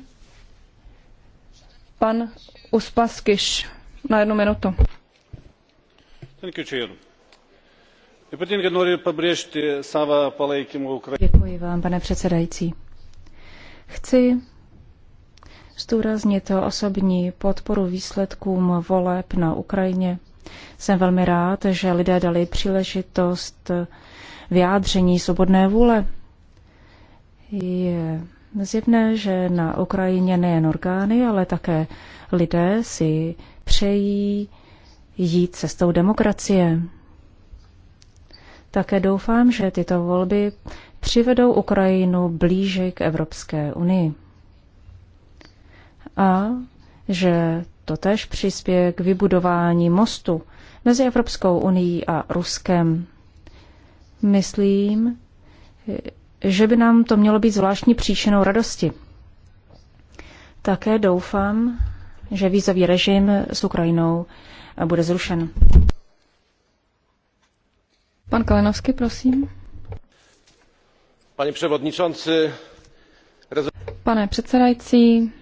Pan Uspaskyš na jednu minutu. Děkuji vám, pane předsedající. Chci zdůraznit osobní podporu výsledkům voleb na Ukrajině. Jsem velmi rád, že lidé dali příležitost vyjádření svobodné vůle je zjevné, že na Ukrajině nejen orgány, ale také lidé si přejí jít cestou demokracie. Také doufám, že tyto volby přivedou Ukrajinu blíže k Evropské unii. A že to tež přispěje k vybudování mostu mezi Evropskou unii a Ruskem. Myslím, že by nám to mělo být zvláštní příčinou radosti. Také doufám, že vízový režim s Ukrajinou bude zrušen. Pan Kalinovský, prosím. Pane Rezo- Pane předsedající,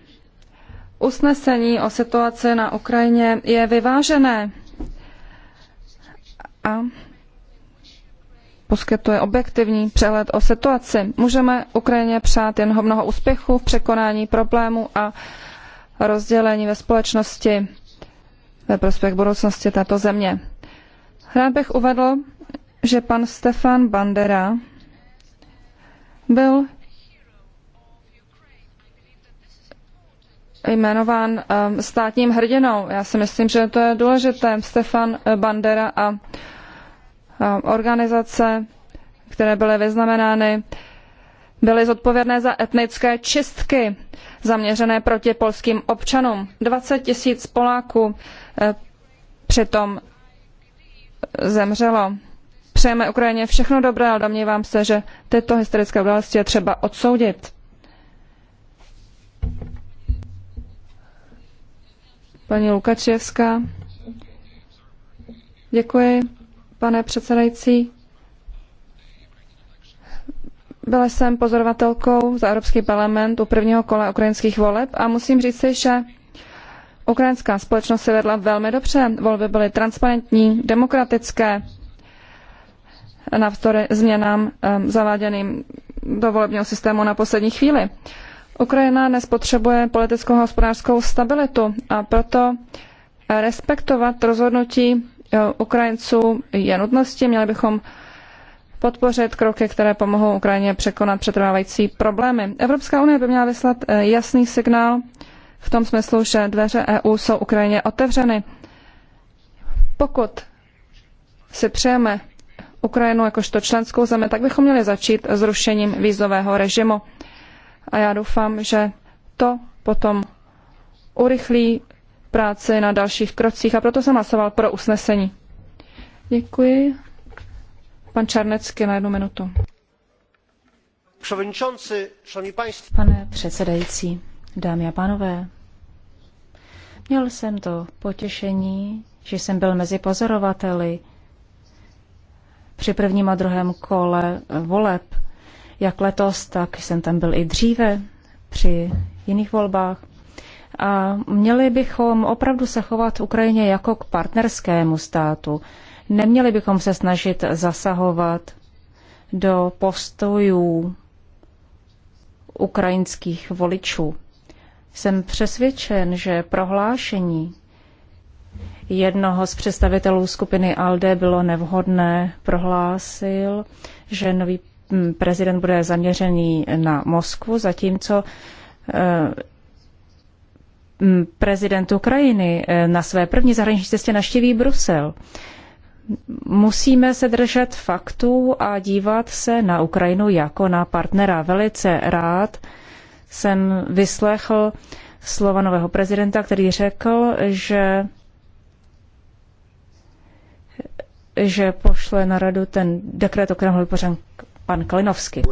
usnesení o situaci na Ukrajině je vyvážené a poskytuje objektivní přehled o situaci. Můžeme Ukrajině přát jen mnoho úspěchů v překonání problémů a rozdělení ve společnosti ve prospěch budoucnosti této země. Rád bych uvedl, že pan Stefan Bandera byl jmenován ehm, státním hrdinou. Já si myslím, že to je důležité. Stefan Bandera a organizace, které byly vyznamenány, byly zodpovědné za etnické čistky zaměřené proti polským občanům. 20 tisíc Poláků eh, přitom eh, zemřelo. Přejeme Ukrajině všechno dobré, ale domnívám se, že tyto historické události je třeba odsoudit. Paní Lukačevská. Děkuji pane předsedající. Byla jsem pozorovatelkou za Evropský parlament u prvního kola ukrajinských voleb a musím říci, že ukrajinská společnost se vedla velmi dobře. Volby byly transparentní, demokratické, navzdory změnám ehm, zaváděným do volebního systému na poslední chvíli. Ukrajina dnes potřebuje politickou a hospodářskou stabilitu a proto respektovat rozhodnutí E, Ukrajinců je nutností. Měli bychom podpořit kroky, které pomohou Ukrajině překonat přetrvávající problémy. Evropská unie by měla vyslat e, jasný signál v tom smyslu, že dveře EU jsou Ukrajině otevřeny. Pokud si přejeme Ukrajinu jakožto členskou zemi, tak bychom měli začít zrušením vízového režimu. A já doufám, že to potom urychlí práci na dalších krocích a proto jsem hlasoval pro usnesení. Děkuji. Pan Čarnecký na jednu minutu. Pane předsedající, dámy a pánové, měl jsem to potěšení, že jsem byl mezi pozorovateli při prvním a druhém kole voleb, jak letos, tak jsem tam byl i dříve při jiných volbách a měli bychom opravdu se chovat Ukrajině jako k partnerskému státu. Neměli bychom se snažit zasahovat do postojů ukrajinských voličů. Jsem přesvědčen, že prohlášení jednoho z představitelů skupiny ALDE bylo nevhodné, prohlásil, že nový mm, prezident bude zaměřený na Moskvu, zatímco eh, Mm, prezident Ukrajiny eh, na své první zahraniční cestě naštěví Brusel. Musíme se držet faktů a dívat se na Ukrajinu jako na partnera. Velice rád jsem vyslechl slova nového prezidenta, který řekl, že že pošle na radu ten dekret, o kterém mluvil pan Kalinovský.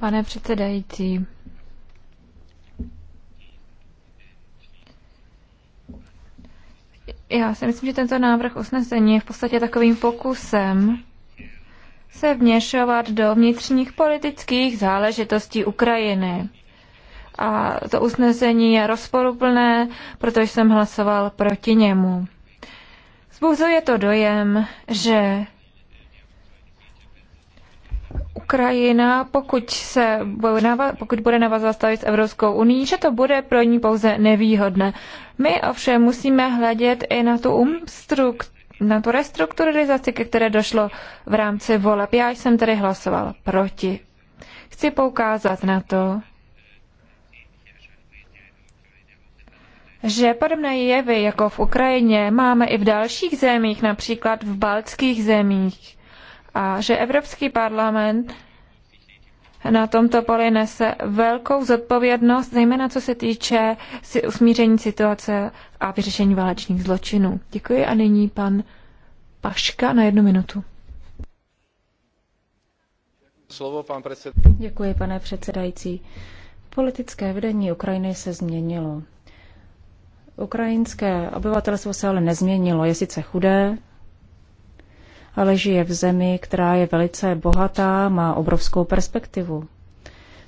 Pane předsedající, já si myslím, že tento návrh usnesení je v podstatě takovým pokusem se vměšovat do vnitřních politických záležitostí Ukrajiny. A to usnesení je rozporuplné, protože jsem hlasoval proti němu. Zbuzuje to dojem, že Ukrajina, pokud, se bude pokud bude navazovat stavit s Evropskou unii, že to bude pro ní pouze nevýhodné. My ovšem musíme hledět i na tu umstrukt, na tu restrukturalizaci, ke které došlo v rámci voleb. Já jsem tedy hlasoval proti. Chci poukázat na to, že podobné jevy jako v Ukrajině máme i v dalších zemích, například v baltských zemích a že Evropský parlament na tomto poli nese velkou zodpovědnost, zejména co se týče usmíření situace a vyřešení válečných zločinů. Děkuji a nyní pan Paška na jednu minutu. Slovo, pan předsed... Děkuji, pane předsedající. Politické vedení Ukrajiny se změnilo. Ukrajinské obyvatelstvo se ale nezměnilo. Je sice chudé, ale žije v zemi, která je velice bohatá, má obrovskou perspektivu.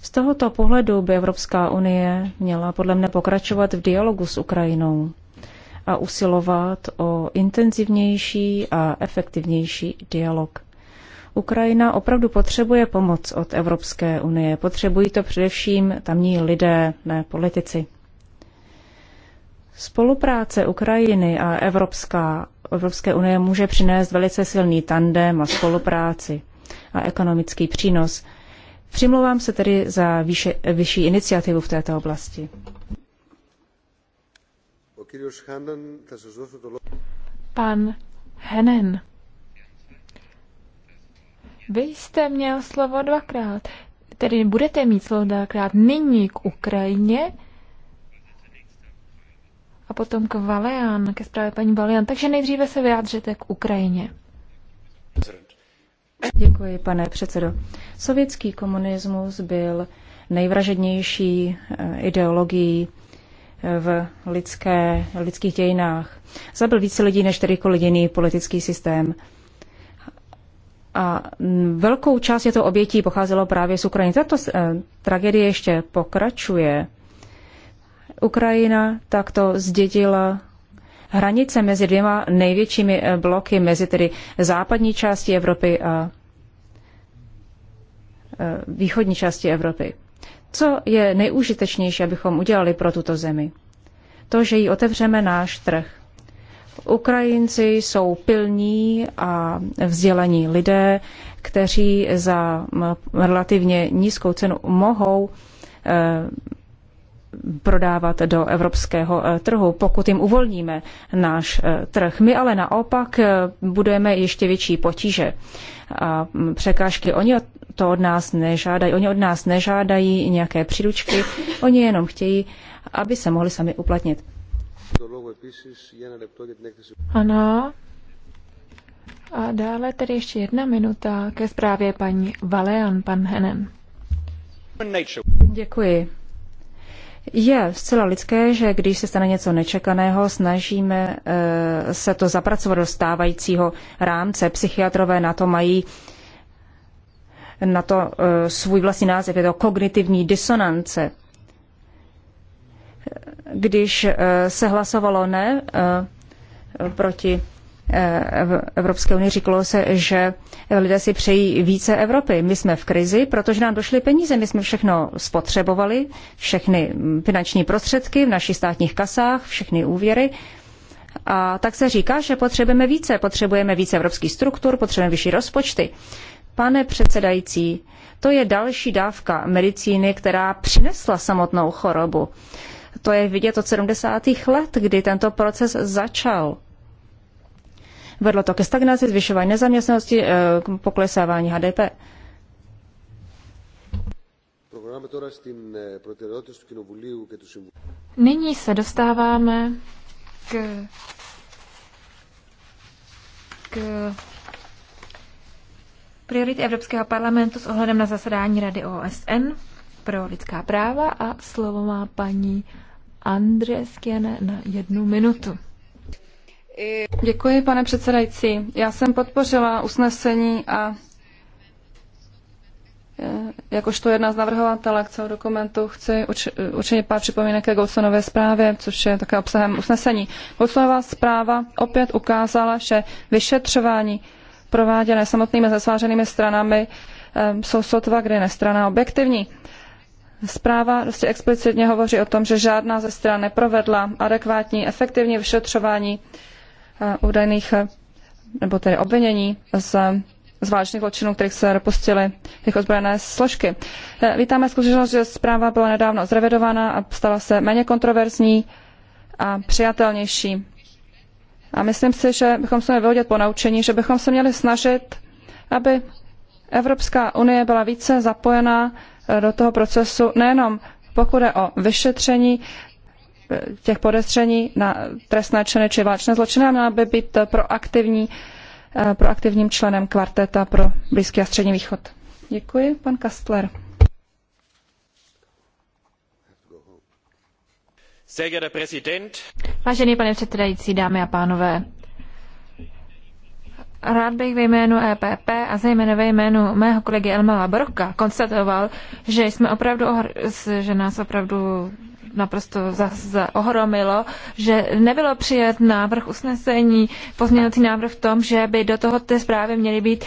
Z tohoto pohledu by Evropská unie měla podle mne pokračovat v dialogu s Ukrajinou a usilovat o intenzivnější a efektivnější dialog. Ukrajina opravdu potřebuje pomoc od Evropské unie. Potřebují to především tamní lidé, ne politici. Spolupráce Ukrajiny a Evropská Evropské unie může přinést velice silný tandem a spolupráci a ekonomický přínos. Přimlouvám se tedy za výše, vyšší iniciativu v této oblasti. Pan Henen, vy jste měl slovo dvakrát, tedy budete mít slovo dvakrát nyní k Ukrajině a potom k Valean, ke zprávě paní Valean. Takže nejdříve se vyjádřete k Ukrajině. Děkuji, pane předsedo. Sovětský komunismus byl nejvražednější eh, ideologií eh, v lidské, lidských dějinách. Zabil více lidí než kterýkoliv jako jiný politický systém. A velkou část těchto obětí pocházelo právě z Ukrajiny. Tato eh, tragédie ještě pokračuje. Ukrajina takto zdědila hranice mezi dvěma největšími eh, bloky, mezi tedy západní části Evropy a eh, východní části Evropy. Co je nejúžitečnější, abychom udělali pro tuto zemi? To, že jí otevřeme náš trh. Ukrajinci jsou pilní a vzdělaní lidé, kteří za relativně nízkou cenu mohou eh, prodávat do evropského eh, trhu, pokud jim uvolníme náš eh, trh. My ale naopak eh, budeme ještě větší potíže a mm, překážky. Oni to od nás nežádají, oni od nás nežádají nějaké příručky, oni jenom chtějí, aby se mohli sami uplatnit. Ano. A dále tedy ještě jedna minuta ke zprávě paní Valean, pan Henen. Děkuji. Je zcela lidské, že když se stane něco nečekaného, snažíme eh, se to zapracovat do stávajícího rámce. Psychiatrové na to mají na to eh, svůj vlastní název, je to kognitivní disonance. Když eh, se hlasovalo ne proti Eh, Evropské unie říkalo se, že lidé si přejí více Evropy. My jsme v krizi, protože nám došly peníze, my jsme všechno spotřebovali, všechny finanční prostředky v našich státních kasách, všechny úvěry. A tak se říká, že potřebujeme více, potřebujeme více evropských struktur, potřebujeme vyšší rozpočty. Pane předsedající, to je další dávka medicíny, která přinesla samotnou chorobu. To je vidět od 70. let, kdy tento proces začal. Vedlo to ke stagnaci, zvyšování nezaměstnanosti, k eh, poklesávání HDP. Eh, Nyní se dostáváme k, k priority Evropského parlamentu s ohledem na zasedání Rady OSN pro lidská práva a slovo má paní Andreskiene na jednu minutu. Děkuji, pane předsedající. Já jsem podpořila usnesení a e, jakožto jedna z navrhovatelek celého dokumentu chci učinit pár připomínek ke Goldsonově zprávě, což je také obsahem usnesení. Goldsonová zpráva opět ukázala, že vyšetřování prováděné samotnými zasvářenými stranami e, jsou sotva, kdy nestrana objektivní. Zpráva dosti explicitně hovoří o tom, že žádná ze stran neprovedla adekvátní, efektivní vyšetřování Eh, údajných eh, nebo tedy obvinění z, z válečných zločinů, kterých se dopustily těch ozbrojené složky. Eh, vítáme skutečnost, že zpráva byla nedávno zrevidována a stala se méně kontroverzní a přijatelnější. A myslím si, že bychom se měli vyhodit po naučení, že bychom se měli snažit, aby Evropská unie byla více zapojená do toho procesu nejenom pokud je o vyšetření těch podezření na trestné činy či válečné zločiny a měla by být proaktivní, eh, proaktivním členem kvarteta pro Blízký a Střední východ. Děkuji, pan Kastler. Vážený pane předsedající, dámy a pánové, Rád bych ve jménu EPP a zejména ve jménu mého kolegy Elmala Broka konstatoval, že jsme opravdu, že nás opravdu naprosto ohromilo, že nebylo přijat návrh usnesení, pozměňovací návrh v tom, že by do toho té zprávy měly být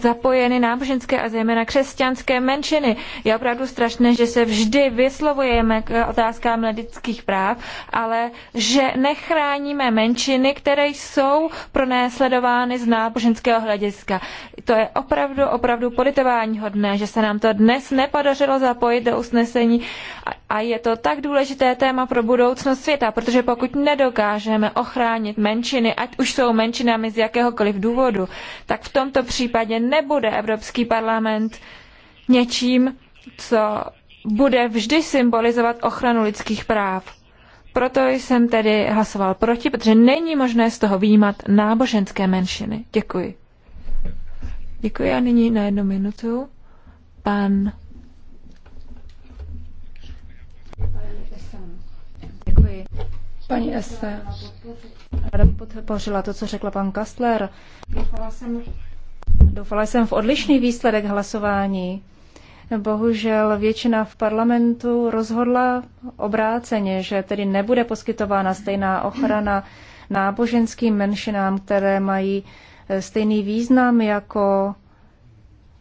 zapojeny náboženské a zejména křesťanské menšiny. Je opravdu strašné, že se vždy vyslovujeme k otázkám lidských práv, ale že nechráníme menšiny, které jsou pro nás sledovány z náboženského hlediska. To je opravdu, opravdu politování hodné, že se nám to dnes nepodařilo zapojit do usnesení a je to tak důležité, důležité téma pro budoucnost světa, protože pokud nedokážeme ochránit menšiny, ať už jsou menšinami z jakéhokoliv důvodu, tak v tomto případě nebude Evropský parlament něčím, co bude vždy symbolizovat ochranu lidských práv. Proto jsem tedy hlasoval proti, protože není možné z toho výjímat náboženské menšiny. Děkuji. Děkuji a nyní na jednu minutu pan Paní Ester, ráda podpořila to, co řekla pan Kastler. jsem, doufala jsem v odlišný výsledek hlasování. Bohužel většina v parlamentu rozhodla obráceně, že tedy nebude poskytována stejná ochrana náboženským menšinám, které mají eh, stejný význam jako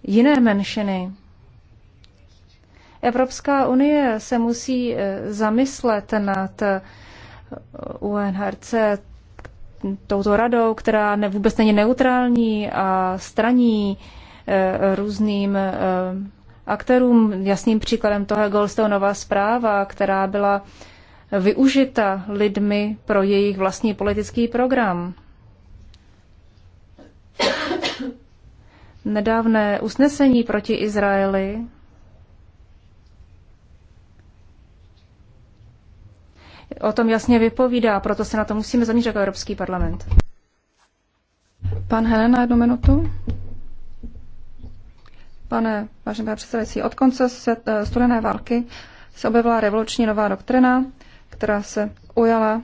jiné menšiny. Evropská unie se musí eh, zamyslet nad UNHRC touto radou, která ne, vůbec není neutrální a straní e, různým e, aktérům. Jasným příkladem toho je Goldstoneová zpráva, která byla využita lidmi pro jejich vlastní politický program. Nedávné usnesení proti Izraeli o tom jasně vypovídá, proto se na to musíme zaměřit jako Evropský parlament. Pan Helena, jednu minutu. Pane, vážený pane předsedající, od konce eh, studené války se objevila revoluční nová doktrina, která se ujala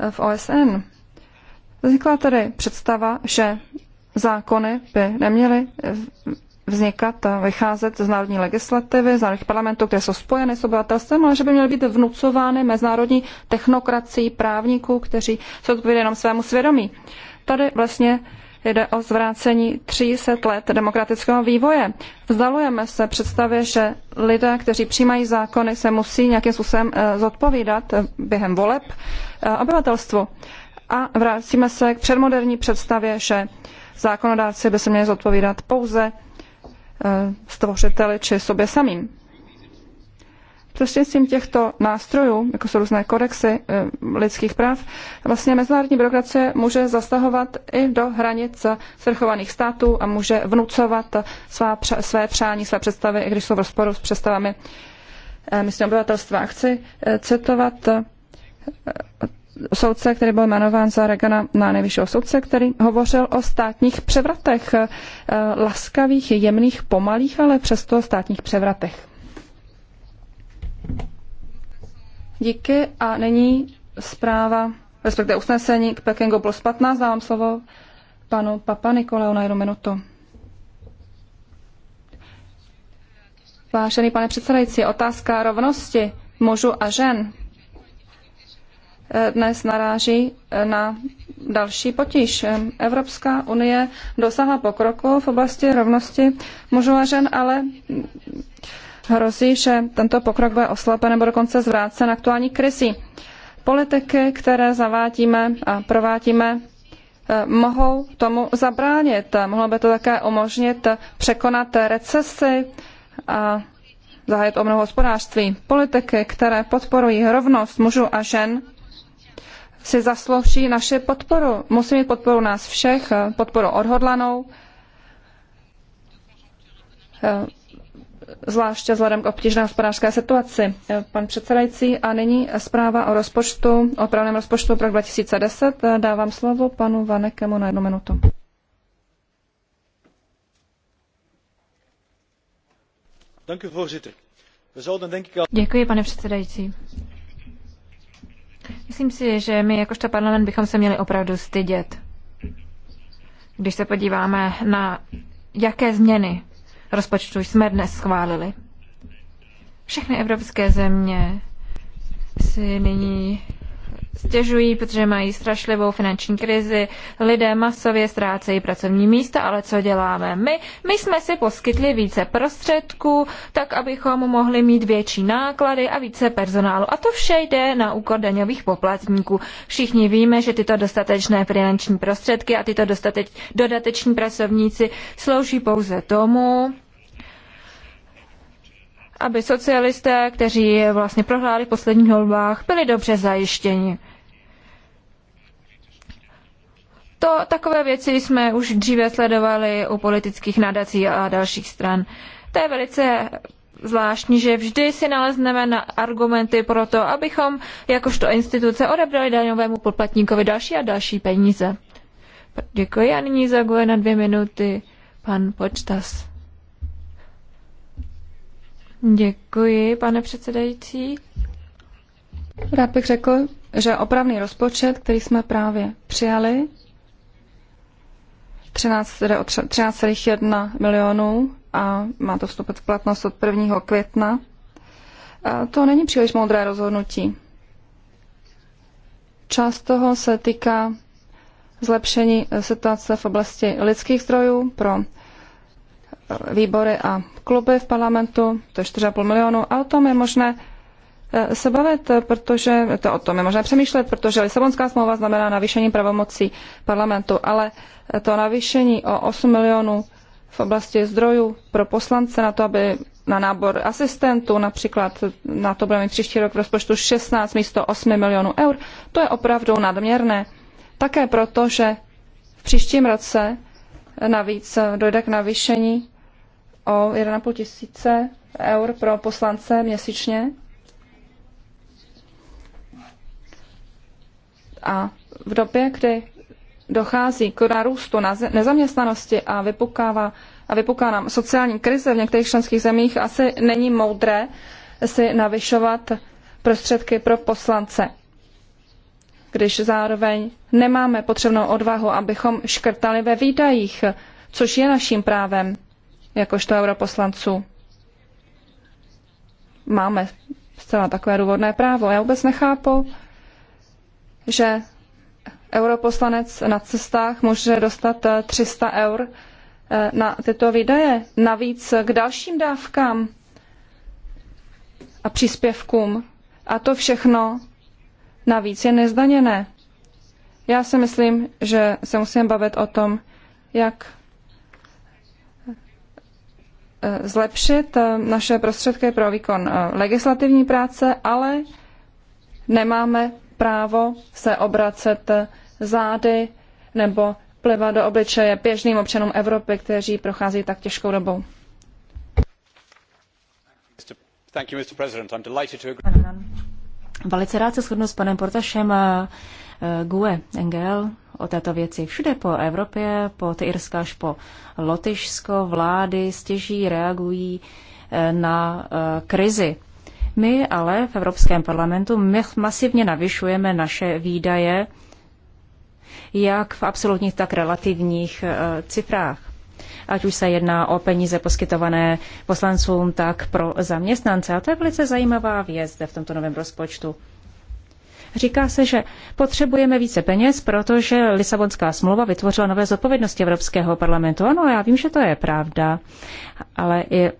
eh, v OSN. Vznikla tedy představa, že zákony by neměly eh, vznikat a vycházet z národní legislativy, z národních parlamentů, které jsou spojeny s obyvatelstvem, ale že by měly být vnucovány mezinárodní technokracií právníků, kteří se odpovědí jenom svému svědomí. Tady vlastně jde o zvrácení 300 let demokratického vývoje. Vzdalujeme se představě, že lidé, kteří přijímají zákony, se musí nějakým způsobem eh, zodpovídat eh, během voleb eh, obyvatelstvu. A vracíme se k předmoderní představě, že zákonodárci by se měli zodpovídat pouze Eh, stvořiteli či sobě samým. Prostřednictvím těchto nástrojů, jako jsou různé kodexy eh, lidských práv, vlastně mezinárodní byrokracie může zasahovat i do hranic svrchovaných států a může vnucovat svá, své přání, své představy, i když jsou v rozporu s představami eh, místního obyvatelstva. Chci citovat soudce, který byl jmenován za Regana na nejvyššího soudce, který hovořil o státních převratech, eh, laskavých, jemných, pomalých, ale přesto státních převratech. Díky a není zpráva, respektive usnesení k Pekingu plus 15. Dávám slovo panu Papa Nikoleu na jednu minutu. Vážený pane předsedající, otázka rovnosti mužů a žen dnes naráží eh, na další potíž. Evropská unie dosáhla pokroku v oblasti rovnosti mužů a žen, ale hrozí, že tento pokrok bude oslaben nebo dokonce zvrácen aktuální krizi. Politiky, které zavádíme a provádíme, eh, mohou tomu zabránit. Mohlo by to také umožnit překonat recesi a zahájit obnovu hospodářství. Politiky, které podporují rovnost mužů a žen, si zaslouží naše podporu. Musí mít podporu nás všech, eh, podporu odhodlanou, eh, zvláště vzhledem k obtížné hospodářské situaci. Eh, pan předsedající, a nyní zpráva o rozpočtu, o právném rozpočtu pro 2010. Dávám slovo panu Vanekemu na jednu minutu. Děkuji, pane předsedající Myslím si, že my jakožto parlament bychom se měli opravdu stydět. Když se podíváme na jaké změny rozpočtu jsme dnes schválili. Všechny evropské země si nyní stěžují, protože mají strašlivou finanční krizi, lidé masově ztrácejí pracovní místa, ale co děláme my? My jsme si poskytli více prostředků, tak abychom mohli mít větší náklady a více personálu. A to vše jde na úkor daňových poplatníků. Všichni víme, že tyto dostatečné finanční prostředky a tyto dostateč, dodateční pracovníci slouží pouze tomu, aby socialisté, kteří vlastně prohráli v posledních volbách, byli dobře zajištěni. To, takové věci jsme už dříve sledovali u politických nadací a dalších stran. To je velice zvláštní, že vždy si nalezneme na argumenty pro to, abychom jakožto instituce odebrali daňovému poplatníkovi další a další peníze. Děkuji a nyní zaguje na dvě minuty pan Počtas. Děkuji, pane předsedající. Rád bych řekl, že opravný rozpočet, který jsme právě přijali, 13,1 milionů a má to vstupit v platnost od 1. května, a to není příliš moudré rozhodnutí. Část toho se týká zlepšení e, situace v oblasti lidských zdrojů pro výbory a kluby v parlamentu, to je 4,5 milionu, a o tom je možné eh, se bavit, protože to o tom je možné přemýšlet, protože Lisabonská smlouva znamená navýšení pravomocí parlamentu, ale to navýšení o 8 milionů v oblasti zdrojů pro poslance na to, aby na nábor asistentů, například na to budeme mít příští rok v rozpočtu 16 místo 8 milionů eur, to je opravdu nadměrné. Také proto, že v příštím roce navíc dojde k navýšení o 1,5 tisíce eur pro poslance měsíčně. A v době, kdy dochází k na nezaměstnanosti a vypukává a vypuká nám sociální krize v některých členských zemích, asi není moudré si navyšovat prostředky pro poslance, když zároveň nemáme potřebnou odvahu, abychom škrtali ve výdajích, což je naším právem jakožto europoslanců. Máme zcela takové důvodné právo. Já vůbec nechápu, že europoslanec na cestách může dostat 300 eh, eur eh, na tyto výdaje. Navíc k dalším dávkám a příspěvkům. A to všechno navíc je nezdaněné. Já si myslím, že se musíme bavit o tom, jak Eh, zlepšit eh, naše prostředky pro výkon eh, legislativní práce, ale nemáme právo se obracet zády nebo plivat do obličeje běžným občanům Evropy, kteří prochází tak těžkou dobou. Velice rád se shodnu s panem Portašem a GUE NGL o této věci. Všude po Evropě, po Tyrska až po Lotyšsko, vlády stěží reagují eh, na eh, krizi. My ale v Evropském parlamentu masivně navyšujeme naše výdaje, jak v absolutních, tak relativních eh, cifrách. Ať už se jedná o peníze poskytované poslancům, tak pro zaměstnance. A to je velice zajímavá věc zde v tomto novém rozpočtu. Říká se, že potřebujeme více peněz, protože Lisabonská smlouva vytvořila nové zodpovědnosti Evropského parlamentu. Ano, já vím, že to je pravda, ale i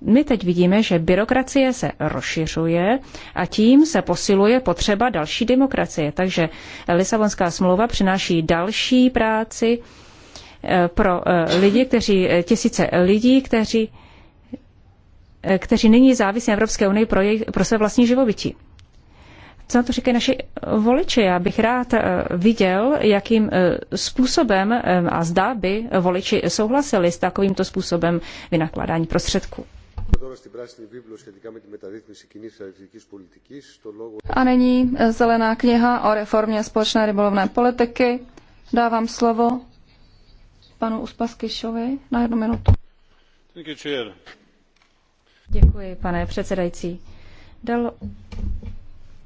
my teď vidíme, že byrokracie se rozšiřuje a tím se posiluje potřeba další demokracie. Takže Lisabonská smlouva přináší další práci eh, pro eh, lidi, kteří, eh, tisíce lidí, kteří, kteří nyní závisí na Evropské unii pro, pro své vlastní živobytí. Co na to říkají naši eh, voliči? Já bych rád eh, viděl, jakým eh, způsobem a zda by voliči souhlasili s takovýmto způsobem vynakládání prostředků. A nyní zelená kniha o reformě společné rybolovné politiky. Dávám slovo panu Uspaskyšovi na jednu minutu. Děkuji, pane předsedající. Dal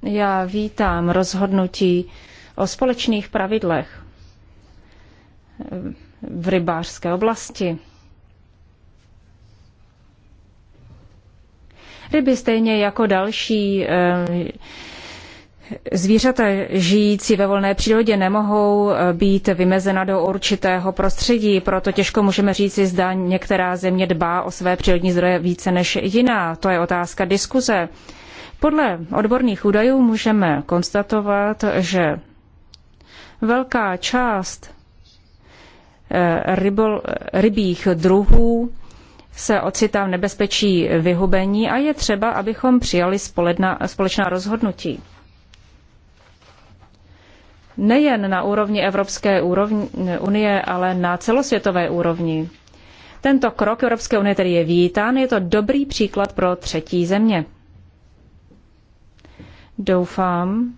já vítám rozhodnutí o společných pravidlech v rybářské oblasti. Ryby stejně jako další eh, zvířata žijící ve volné přírodě nemohou eh, být vymezena do určitého prostředí, proto těžko můžeme říci, zda některá země dbá o své přírodní zdroje více než jiná. To je otázka diskuze. Podle odborných údajů můžeme konstatovat, že velká část eh, rybol, rybích druhů se ocitá v nebezpečí vyhubení a je třeba, abychom přijali spoledna, společná rozhodnutí. Nejen na úrovni Evropské úrovni, unie, ale na celosvětové úrovni. Tento krok Evropské unie tedy je vítán, je to dobrý příklad pro třetí země. Doufám,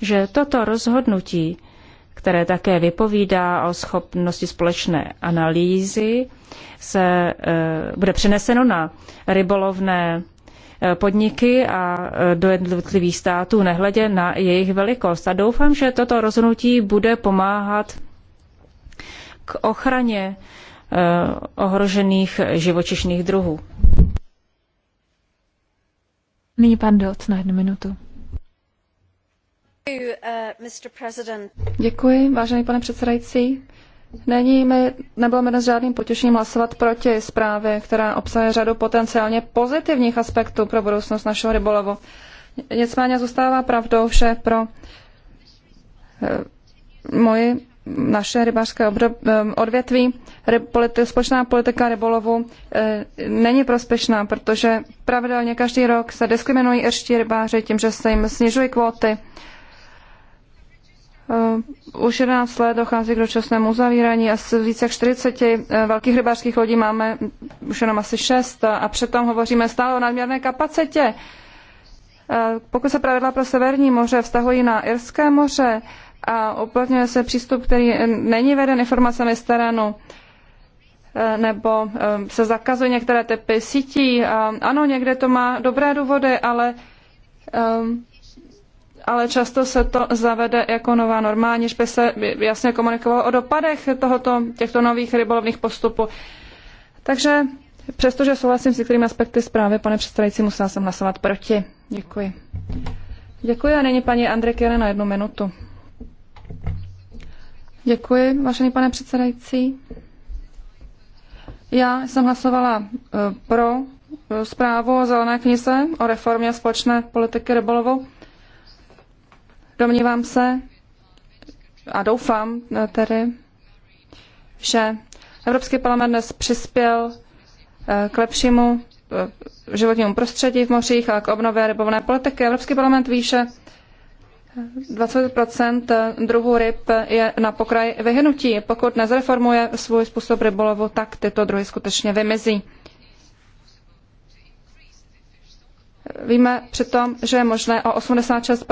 že toto rozhodnutí, které také vypovídá o schopnosti společné analýzy, se eh, bude přeneseno na rybolovné eh, podniky a eh, do jednotlivých států, nehledě na jejich velikost. A doufám, že toto rozhodnutí bude pomáhat k ochraně ohrožených živočišných druhů. Nyní pan Dot na jednu minutu. Uh, Děkuji, vážený pane předsedající. Není mi, nebylo mi dnes žádným potěšením hlasovat proti zprávě, která obsahuje řadu potenciálně pozitivních aspektů pro budoucnost našeho rybolovu. Nicméně zůstává pravdou, že pro eh, moji naše rybářské odvětví, společná politika rybolovu eh, není prospěšná, protože pravidelně každý rok se diskriminují irští rybáři tím, že se jim snižují kvóty. Eh, už 11 let dochází k dočasnému uzavírání a z více jak 40 eh, velkých rybářských lodí máme už jenom asi 6 a přitom hovoříme stále o nadměrné kapacitě. Pokud se pravidla pro Severní moře vztahují na Irské moře, a uplatňuje se přístup, který není veden informacemi z terénu eh, nebo eh, se zakazují některé typy sítí. Ano, někde to má dobré důvody, ale, ehm, ale často se to zavede jako nová norma, aniž by se jasně komunikovalo o dopadech tohoto, těchto nových rybolovných postupů. Takže přestože souhlasím s některými aspekty zprávy, pane předsedající, musela jsem hlasovat proti. Děkuji. Děkuji a nyní paní Andrej na jednu minutu. Děkuji, vážený pane předsedající. Já jsem hlasovala e, pro e, zprávu o zelené knize o reformě společné politiky rybolovu. Domnívám se a doufám e, tedy, že Evropský parlament dnes přispěl k lepšímu životnímu prostředí v mořích a k obnově rybovné politiky. Evropský parlament ví, že 20 druhů ryb je na pokraji vyhnutí. Pokud nezreformuje svůj způsob rybolovu, tak tyto druhy skutečně vymizí. Víme přitom, že je možné o 86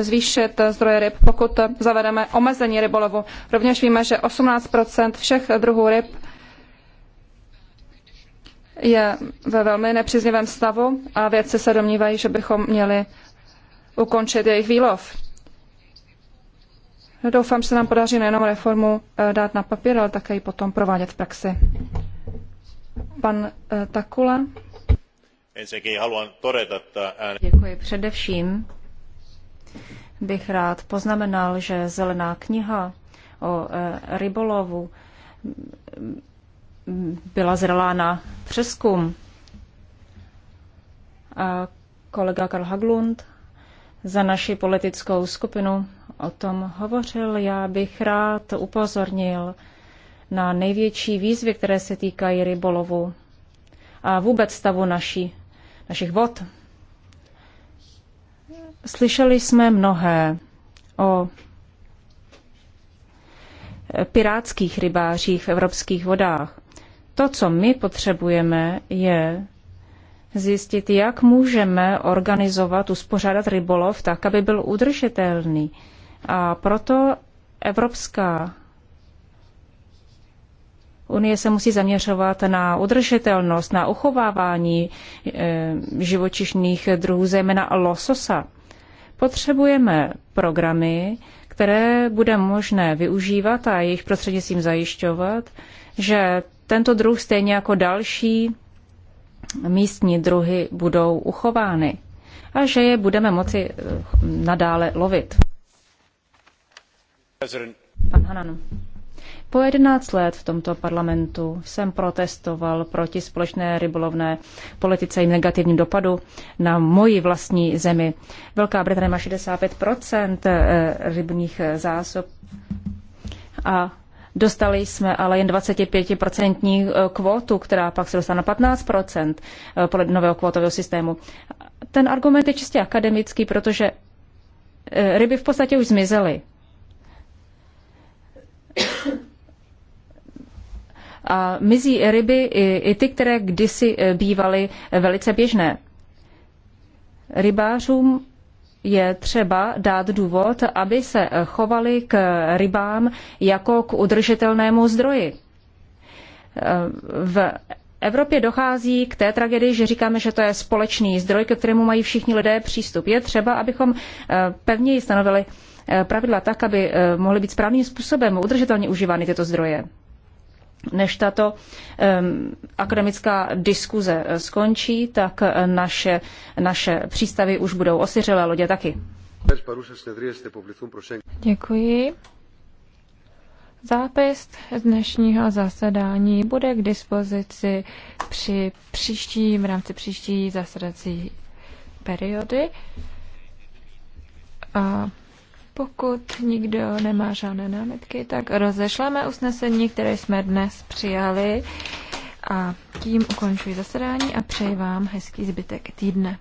zvýšit zdroje ryb, pokud zavedeme omezení rybolovu. Rovněž víme, že 18 všech druhů ryb je ve velmi nepříznivém stavu a vědci se domnívají, že bychom měli ukončit jejich výlov. Doufám, že se nám podaří nejenom reformu eh, dát na papír, ale také ji potom provádět v praxi. Pan eh, Takula. Děkuji především. Bych rád poznamenal, že zelená kniha o eh, rybolovu byla zralá na přeskum. A kolega Karl Haglund za naši politickou skupinu o tom hovořil. Já bych rád upozornil na největší výzvy, které se týkají rybolovu a vůbec stavu naší, našich vod. Slyšeli jsme mnohé o pirátských rybářích v evropských vodách. To, co my potřebujeme, je zjistit, jak můžeme organizovat, uspořádat rybolov tak, aby byl udržitelný. A proto Evropská Unie se musí zaměřovat na udržitelnost, na uchovávání eh, živočišných druhů, zejména lososa. Potřebujeme programy, které bude možné využívat a jejich prostřednictvím zajišťovat, že tento druh stejně jako další místní druhy budou uchovány a že je budeme moci eh, nadále lovit. Pan Hanan. Po 11 let v tomto parlamentu jsem protestoval proti společné rybolovné politice i negativním dopadu na moji vlastní zemi. Velká Británie má 65 eh, rybních zásob a Dostali jsme ale jen 25% eh, kvotu, která pak se dostane na 15% eh, podle nového kvotového systému. Ten argument je čistě akademický, protože eh, ryby v podstatě už zmizely. A mizí ryby i, i ty, které kdysi bývaly velice běžné. Rybářům je třeba dát důvod, aby se chovali k rybám jako k udržitelnému zdroji. V Evropě dochází k té tragédii, že říkáme, že to je společný zdroj, ke kterému mají všichni lidé přístup. Je třeba, abychom eh, pevněji stanovili eh, pravidla tak, aby eh, mohly být správným způsobem udržitelně užívány tyto zdroje než tato um, akademická diskuze eh, skončí, tak eh, naše, naše přístavy už budou osiřelé lodě taky. Děkuji. Zápis dnešního zasedání bude k dispozici při příštím, v rámci příští zasedací periody. A pokud nikdo nemá žádné námitky, tak rozešleme usnesení, které jsme dnes přijali. A tím ukončuji zasedání a přeji vám hezký zbytek týdne.